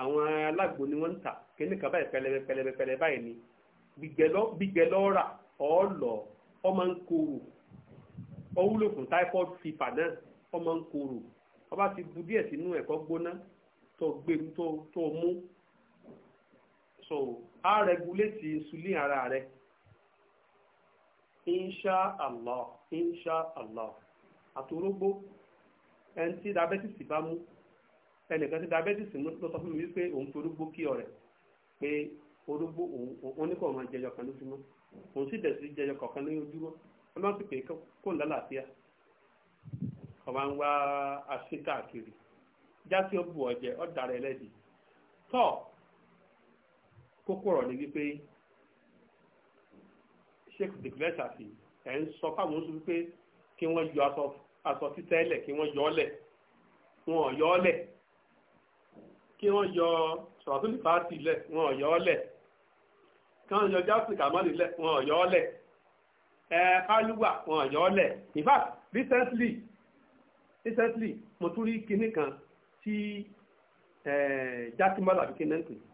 àwọn alágbo ni wọ́n ń tà kíní kan báyìí pẹlẹbẹ pẹlẹbẹ pẹlẹbẹ báyìí ni gbígbẹ lọ́ọ̀rà ọ̀ọ́lọ̀ ọmọ ń korò ó wúlò fún typhoid fever náà ọmọ ń korò ọba ti bu díẹ̀ sínú ẹ̀kọ́ gbóná tó gbé tó mú so a regulate insulin ara rẹ̀. insha allah insha allah àtòrógbó ẹni tí diabetes bá mú ẹnìkan tí diabetes ló sọ fún mi wípé òun torógbó kí ọ̀rẹ́ pé orógbó òun ní kò máa jẹyọ kan lójúmọ́ òun sì dẹ̀ sí jẹyọ kọ̀ọ̀kan ní ojúmọ́ ẹ má kó lálàáfíà ọba ń wá káàkiri tọ́ kókó ọ̀rọ̀ ni wípé sheikh dìgbẹ́sà sí ẹ̀ ń sọ fáwọn oṣù wípé kí wọ́n yọ aṣọ títẹ́lẹ̀ kí wọ́n yọ ọ́ lẹ̀ wọn yọ ọ́ lẹ̀ kí wọ́n yọ sọ̀rọ̀tún ìfàtì lẹ̀ wọn yọ ọ́ lẹ̀ kí wọ́n yọ jáfì kàmọ́lì lẹ̀ wọn yọ ọ́ lẹ̀ ẹ kálúwà wọn yọ ọ́ lẹ̀ in fact recently recently mo tún rí kinní kan tí jákèmọ́lá bí kinní ń pè é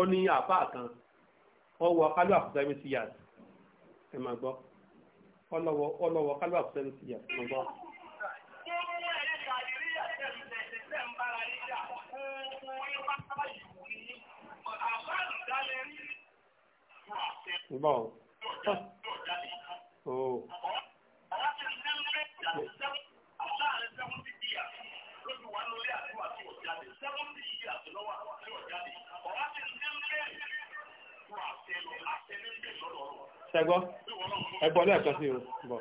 ó ní àfáà kan ọwọ́ kálù àfùsẹ́mi sí yàrá ẹ̀ máa gbọ́ ọlọ́wọ́ ọlọ́wọ́ kálù àfùsẹ́mi sí yàrá ẹ̀ máa gbọ́. Bom. Oh. ṣẹgbọ́ ẹgbọ́ lẹ́ẹ̀kan sí o bọ̀.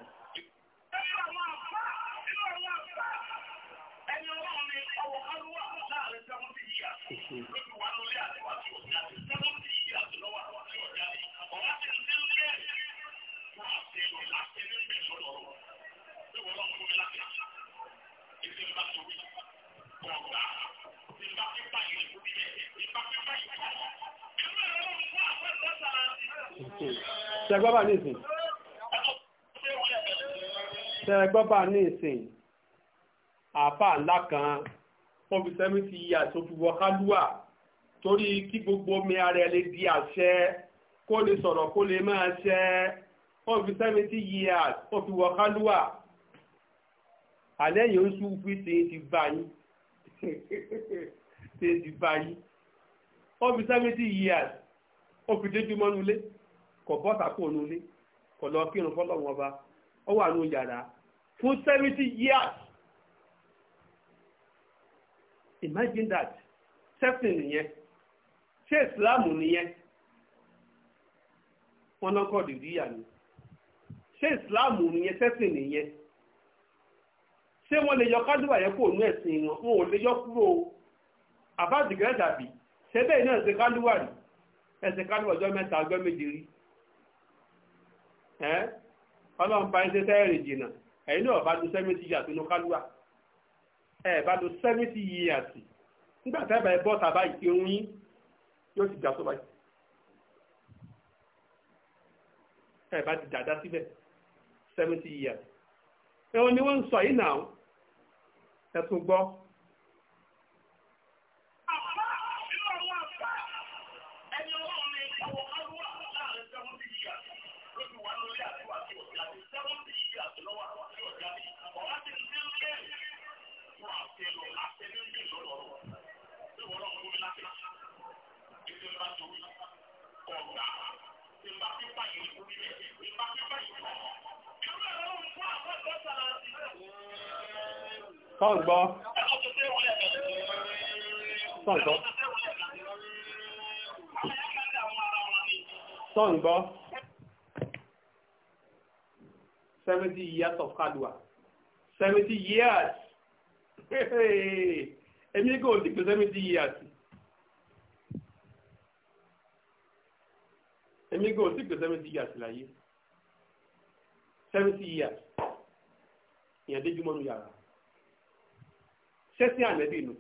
ṣẹgbọ́bà ní ìsìn ṣẹgbọ́bà ní ìsìn àfà ńlá kan fọ́bí sẹ́mìtì yíya tó fi wọ kálúwà torí kí gbogbo omi ara ẹ̀ lè di àṣẹ kó lè sọ̀rọ̀ kó lè máa ṣẹ́ fọ́bí sẹ́mìtì yíya tó fi wọ kálúwà àlẹ́yìn oṣù fi ti ti bá yín ti ti bá yín fọ́bí sẹ́mìtì yíya ó fi déjú mọ́nulé. kò bọ́ta kó o nulẹ̀ kò lọ kírun ọba ó wà ní fún seventy years imagine that sẹ́sìn nìyẹn ṣé ìsìláàmù nìyẹn wọn náà kọ́ ṣé ìsìláàmù nìyẹn sẹ́sìn nìyẹn ṣé wọ́n lè yọ kádùbà yẹn kúrò ní ẹ̀sìn wọn wọn ò lè yọ kúrò àbá ṣé bẹ́ẹ̀ ẹ̀sìn kádùbà rí ẹ̀sìn kádùbà ọjọ́ mẹ́ta ọjọ́ méje ẹ́ ọlọ́run bá ń ṣe sẹ́ẹ̀rì jìnnà ẹ̀yin náà bá lu seventy years nínú kálúwà ẹ̀ bá lu seventy years nígbà tẹ́ bá ẹ bọ́ tàbá ìṣerun yín yóò ti dà sọ́ba yìí ẹ̀ bá ti dàda síbẹ̀ seventy years ẹ̀wọ̀n ni wọ́n sọ yìí náà ẹ̀ tún gbọ́. Sọ́ǹgbọ́. Sọ́ǹgbọ́. Sọ́ǹgbọ́. Seventy years of hard work seventy years èmi kò ti pé seventy years èmi kò ti pé seventy years láyé seventy years ìyẹn déjú mọ́nu yàrá ṣẹ́sí ànẹ́bí nu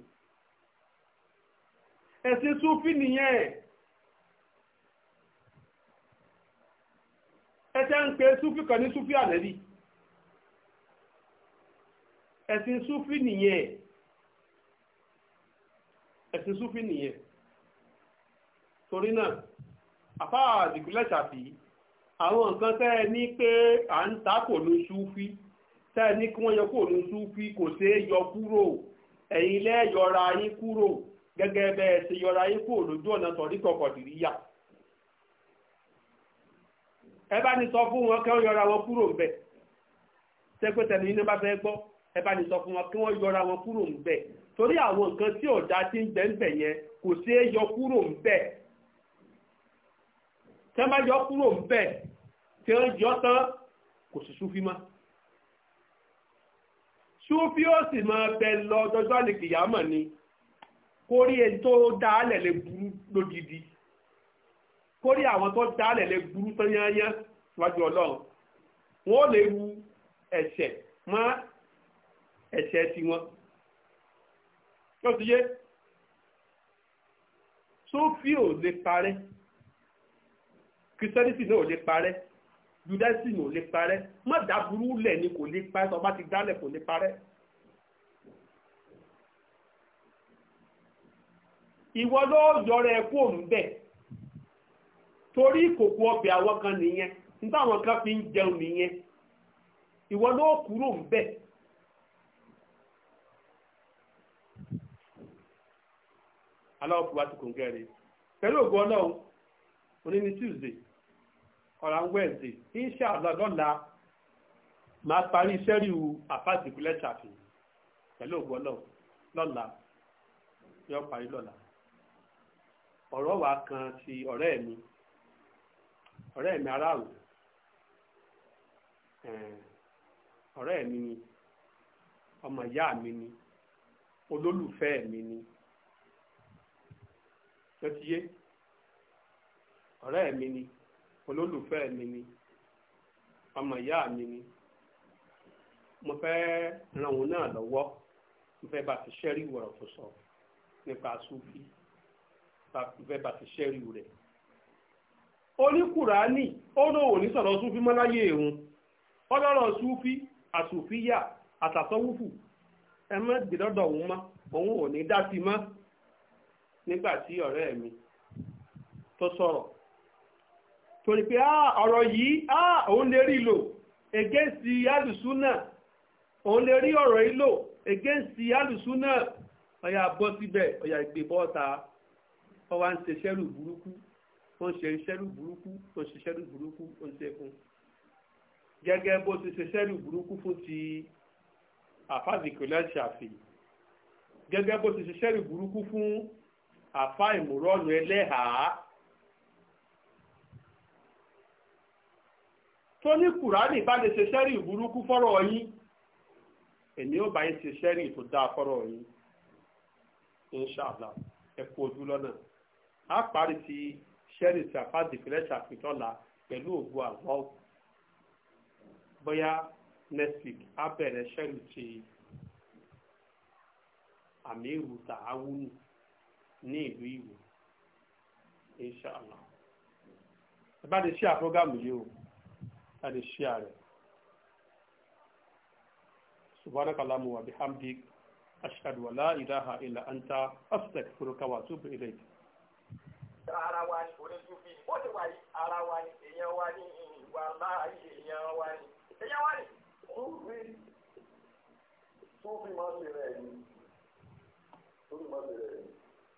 ẹ̀sìn súnfì nìyẹn ẹ̀sẹ̀ ń pe súnfì kan ní súnfì ànẹ́bí. ẹ̀sìn súfì nìyẹn ẹ̀sìn súfì nìyẹn torí náà àfa àwọn nǹkan tẹ́ ẹ ní pé à ń ta kò ní súfì tẹ́ ẹ ní kí wọ́n yọ kò ní kò yọ kúrò ẹ̀yìn lẹ́ yọra yín kúrò gẹ́gẹ́ bẹ́ẹ̀ ṣe yọra yín kúrò lójú ọ̀nà sọ fún wọn kí yọra wọn kúrò ń ṣé pé ẹ bá ní sọ fún wọn kí wọ́n yọra wọn kúrò ń bẹ̀ torí àwọn nǹkan tí ọ̀dà ti ń bẹ̀ ń bẹ̀ yẹn kò ṣeé yọ kúrò ń bẹ̀ tí wọ́n bá yọ kúrò ń bẹ̀ tí wọ́n yọ tán kò sì súnfí mọ́ súnfí ó sì máa bẹ lọ dọjọ́ àlèkìyàmọ̀ ni kórí ẹni tó dáálẹ̀ lè burú lódìdí kórí àwọn tó dáálẹ̀ lè burú tán yányán síwájú ọlọ́run wọ́n lè wu ẹ̀ṣẹ̀ mọ́ ẹ̀ṣẹ̀ tiwọn tó ti yé sófì ò lè parẹ́ kìrìsìtẹ́nìtì náà ò lè parẹ́ judaism ò lè parẹ́ má dàbúrú lẹ̀ ni kò lè parẹ́ tó bá ti dálẹ̀ kò lè parẹ́. ìwọ ló yọrọ ẹ kó òun bẹ torí ìkòkò ọbẹ̀ àwọn kan nìyẹn nítawọn kan fi ń jẹun nìyẹn ìwọ ló kúrò ń bẹ. aláwọ̀ fún wa ti kò ń gẹ́rẹ́ pẹ̀lú ògùn ọlọ́run òní ní tuesday ọ̀la wednesday inshallah lọ́la máa parí iṣẹ́ ríru àfáàsìkú lẹ́tà fi pẹ̀lú ògùn ọlọ́run lọ́la yóò parí lọ́la ọ̀rọ̀ wa kan ti ọ̀rẹ́ mi ọ̀rẹ́ mi aráàlú ọ̀rẹ́ mi ọmọ ìyá mi ni olólùfẹ́ mi ni sẹ́tíyé ọ̀rẹ́ mi ni olólùfẹ́ mi ni ọmọ ìyá mi ni mo fẹ́ ran òun náà lọ́wọ́ mo fẹ́ bá ti ṣẹ́rí wọ̀rọ̀ tó sọ nípa sufi mo fẹ́ bá ti ṣẹ́rí rẹ̀ oníkùránì ó lóun ní sọ̀rọ̀ sufi mọ́láyé òun ọlọ́rọ̀ sufi àsùfíyà àtàsọ́wùfù ẹ má gbèdọ́dọ̀ òun mọ́ òun ò ní dá sí mọ́ nígbà tí ọ̀rẹ́ mi tó sọ̀rọ̀ torí pé ah, ọ̀rọ̀ yìí ah, òun lè rí lò against alùsúnà òun lè rí ọ̀rọ̀ yìí lò against alùsúnà ọ̀yà bọ́ síbẹ̀ ọ̀yà ìgbé bọ́ta ọwá ń ṣe ṣẹ́rù burúkú wọ́n ṣe ṣẹ́rù burúkú wọ́n ṣe ṣẹ́rù burúkú wọ́n ṣe fún gẹ́gẹ́ bó ti ṣe ṣẹ́rù burúkú fún ti àfáàzìkò láti ṣàfihàn gẹ́gẹ́ bó ti ṣe ṣẹ́rù burúkú fún àfá ìmúrọ́nù ẹlẹ́hàá tó ní kùránì bá lè ṣe sẹ́rì burúkú fọ́rọ̀ yín èmi ò bá yín ṣe sẹ́rì tó dáa fọ́rọ̀ yín inṣàlá ẹ kú ojú lọ́nà á parí ti sẹ́rì tí àfá dìpínlẹ̀ ṣàfitọ́la pẹ̀lú ògùn àlọ́ bóyá next á ti àmì ní ìlú Ìwó inshallah ẹ bá lè ṣe àpọ́gàmù yìí o bá lè ṣe àrẹ subhanakallahumma wa bihamdik ashhadu wa la ilaha illa anta astaghfiruka wa atubu ilayk ara wa ni onídùúbí bó ti wà yìí ara wa ni èèyàn wa ni ìwà láàyè èèyàn wa ni èèyàn wa ni. tó fi máa ń ṣe rẹ̀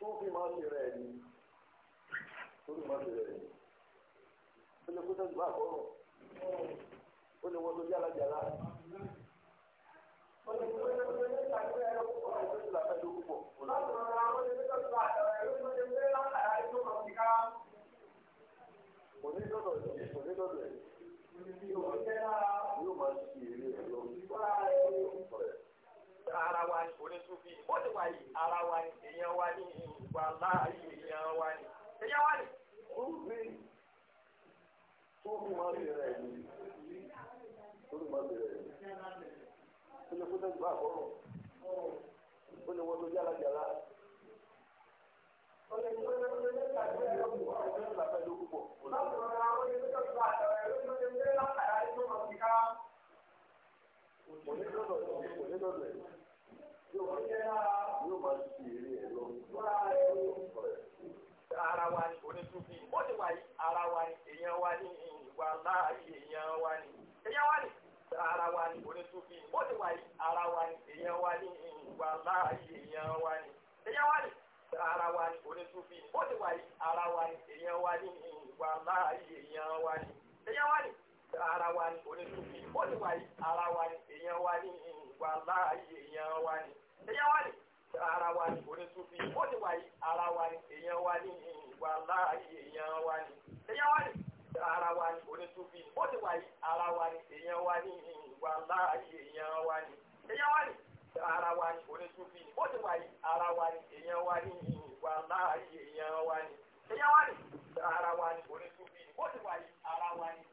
tó fi máa ṣe rẹ̀ ni tó fi máa ṣe rẹ̀ ni tó lè kó tó yára púpọ̀. ó lè tó tó lè gbé látara ẹ̀ tó ẹ̀ yóò máa ṣe. náà ara wa ni onísùfì ó ti wà yìí ara wa ni èèyàn wa ni ìwà láàyè èèyàn wa ni èèyàn wa ni. ó ń gbé tó kú máa bẹ̀rẹ̀ rẹ̀ ni tó kú máa bẹ̀rẹ̀ rẹ̀ ni ó lè kó tẹ́sí bá àkọ́rọ̀ ó lè wọ́n tó yára yàrá. ó lè ní pé ó lè ní ìgbàgbé ẹ̀rọ kù ó lè ní ìgbàgbé ẹ̀rọ kù pọ̀. láti rọra ó lè ní pé ó ti bá àtẹ̀rẹ̀ ó lè ní pé ó ti bá àtẹ̀rẹ̀ ó lè ní pé ó ti bá àtẹ̀rẹ̀ ara wa ni onítúbí ó ti wà yí ara wa ni èèyàn wa ni ìwà láàyè èèyàn wa ni èèyàn wa ni ara wa ni onítúbí ó ti wà yí ara wa ni èèyàn wa ni ìwà láàyè èèyàn wa ni èèyàn wa ni ara wa ni onítúbí ó ti wà yí ara wa ni èèyàn wa ni ìwà láàyè èèyàn wa ni èèyàn wa ni ara wa ni onítúbí ó ti wà yí wà láàyè èèyàn wa ni èèyàn wa ni ara wa ni onítúbí ó ní wàyí ara wa ni èèyàn wa ni wà láàyè èèyàn wa ni èèyàn wa ni ara wa ni onítúbí ó ní wàyí ara wa ni èèyàn wa ni wà láàyè èèyàn wa ni èèyàn wa ni ara wa ni onítúbí ó ní wàyí ara wa ni èèyàn wa ni wà láàyè èèyàn wa ni èèyàn wa ni ara wa ni onítúbí ó ní wàyí ara wa ni.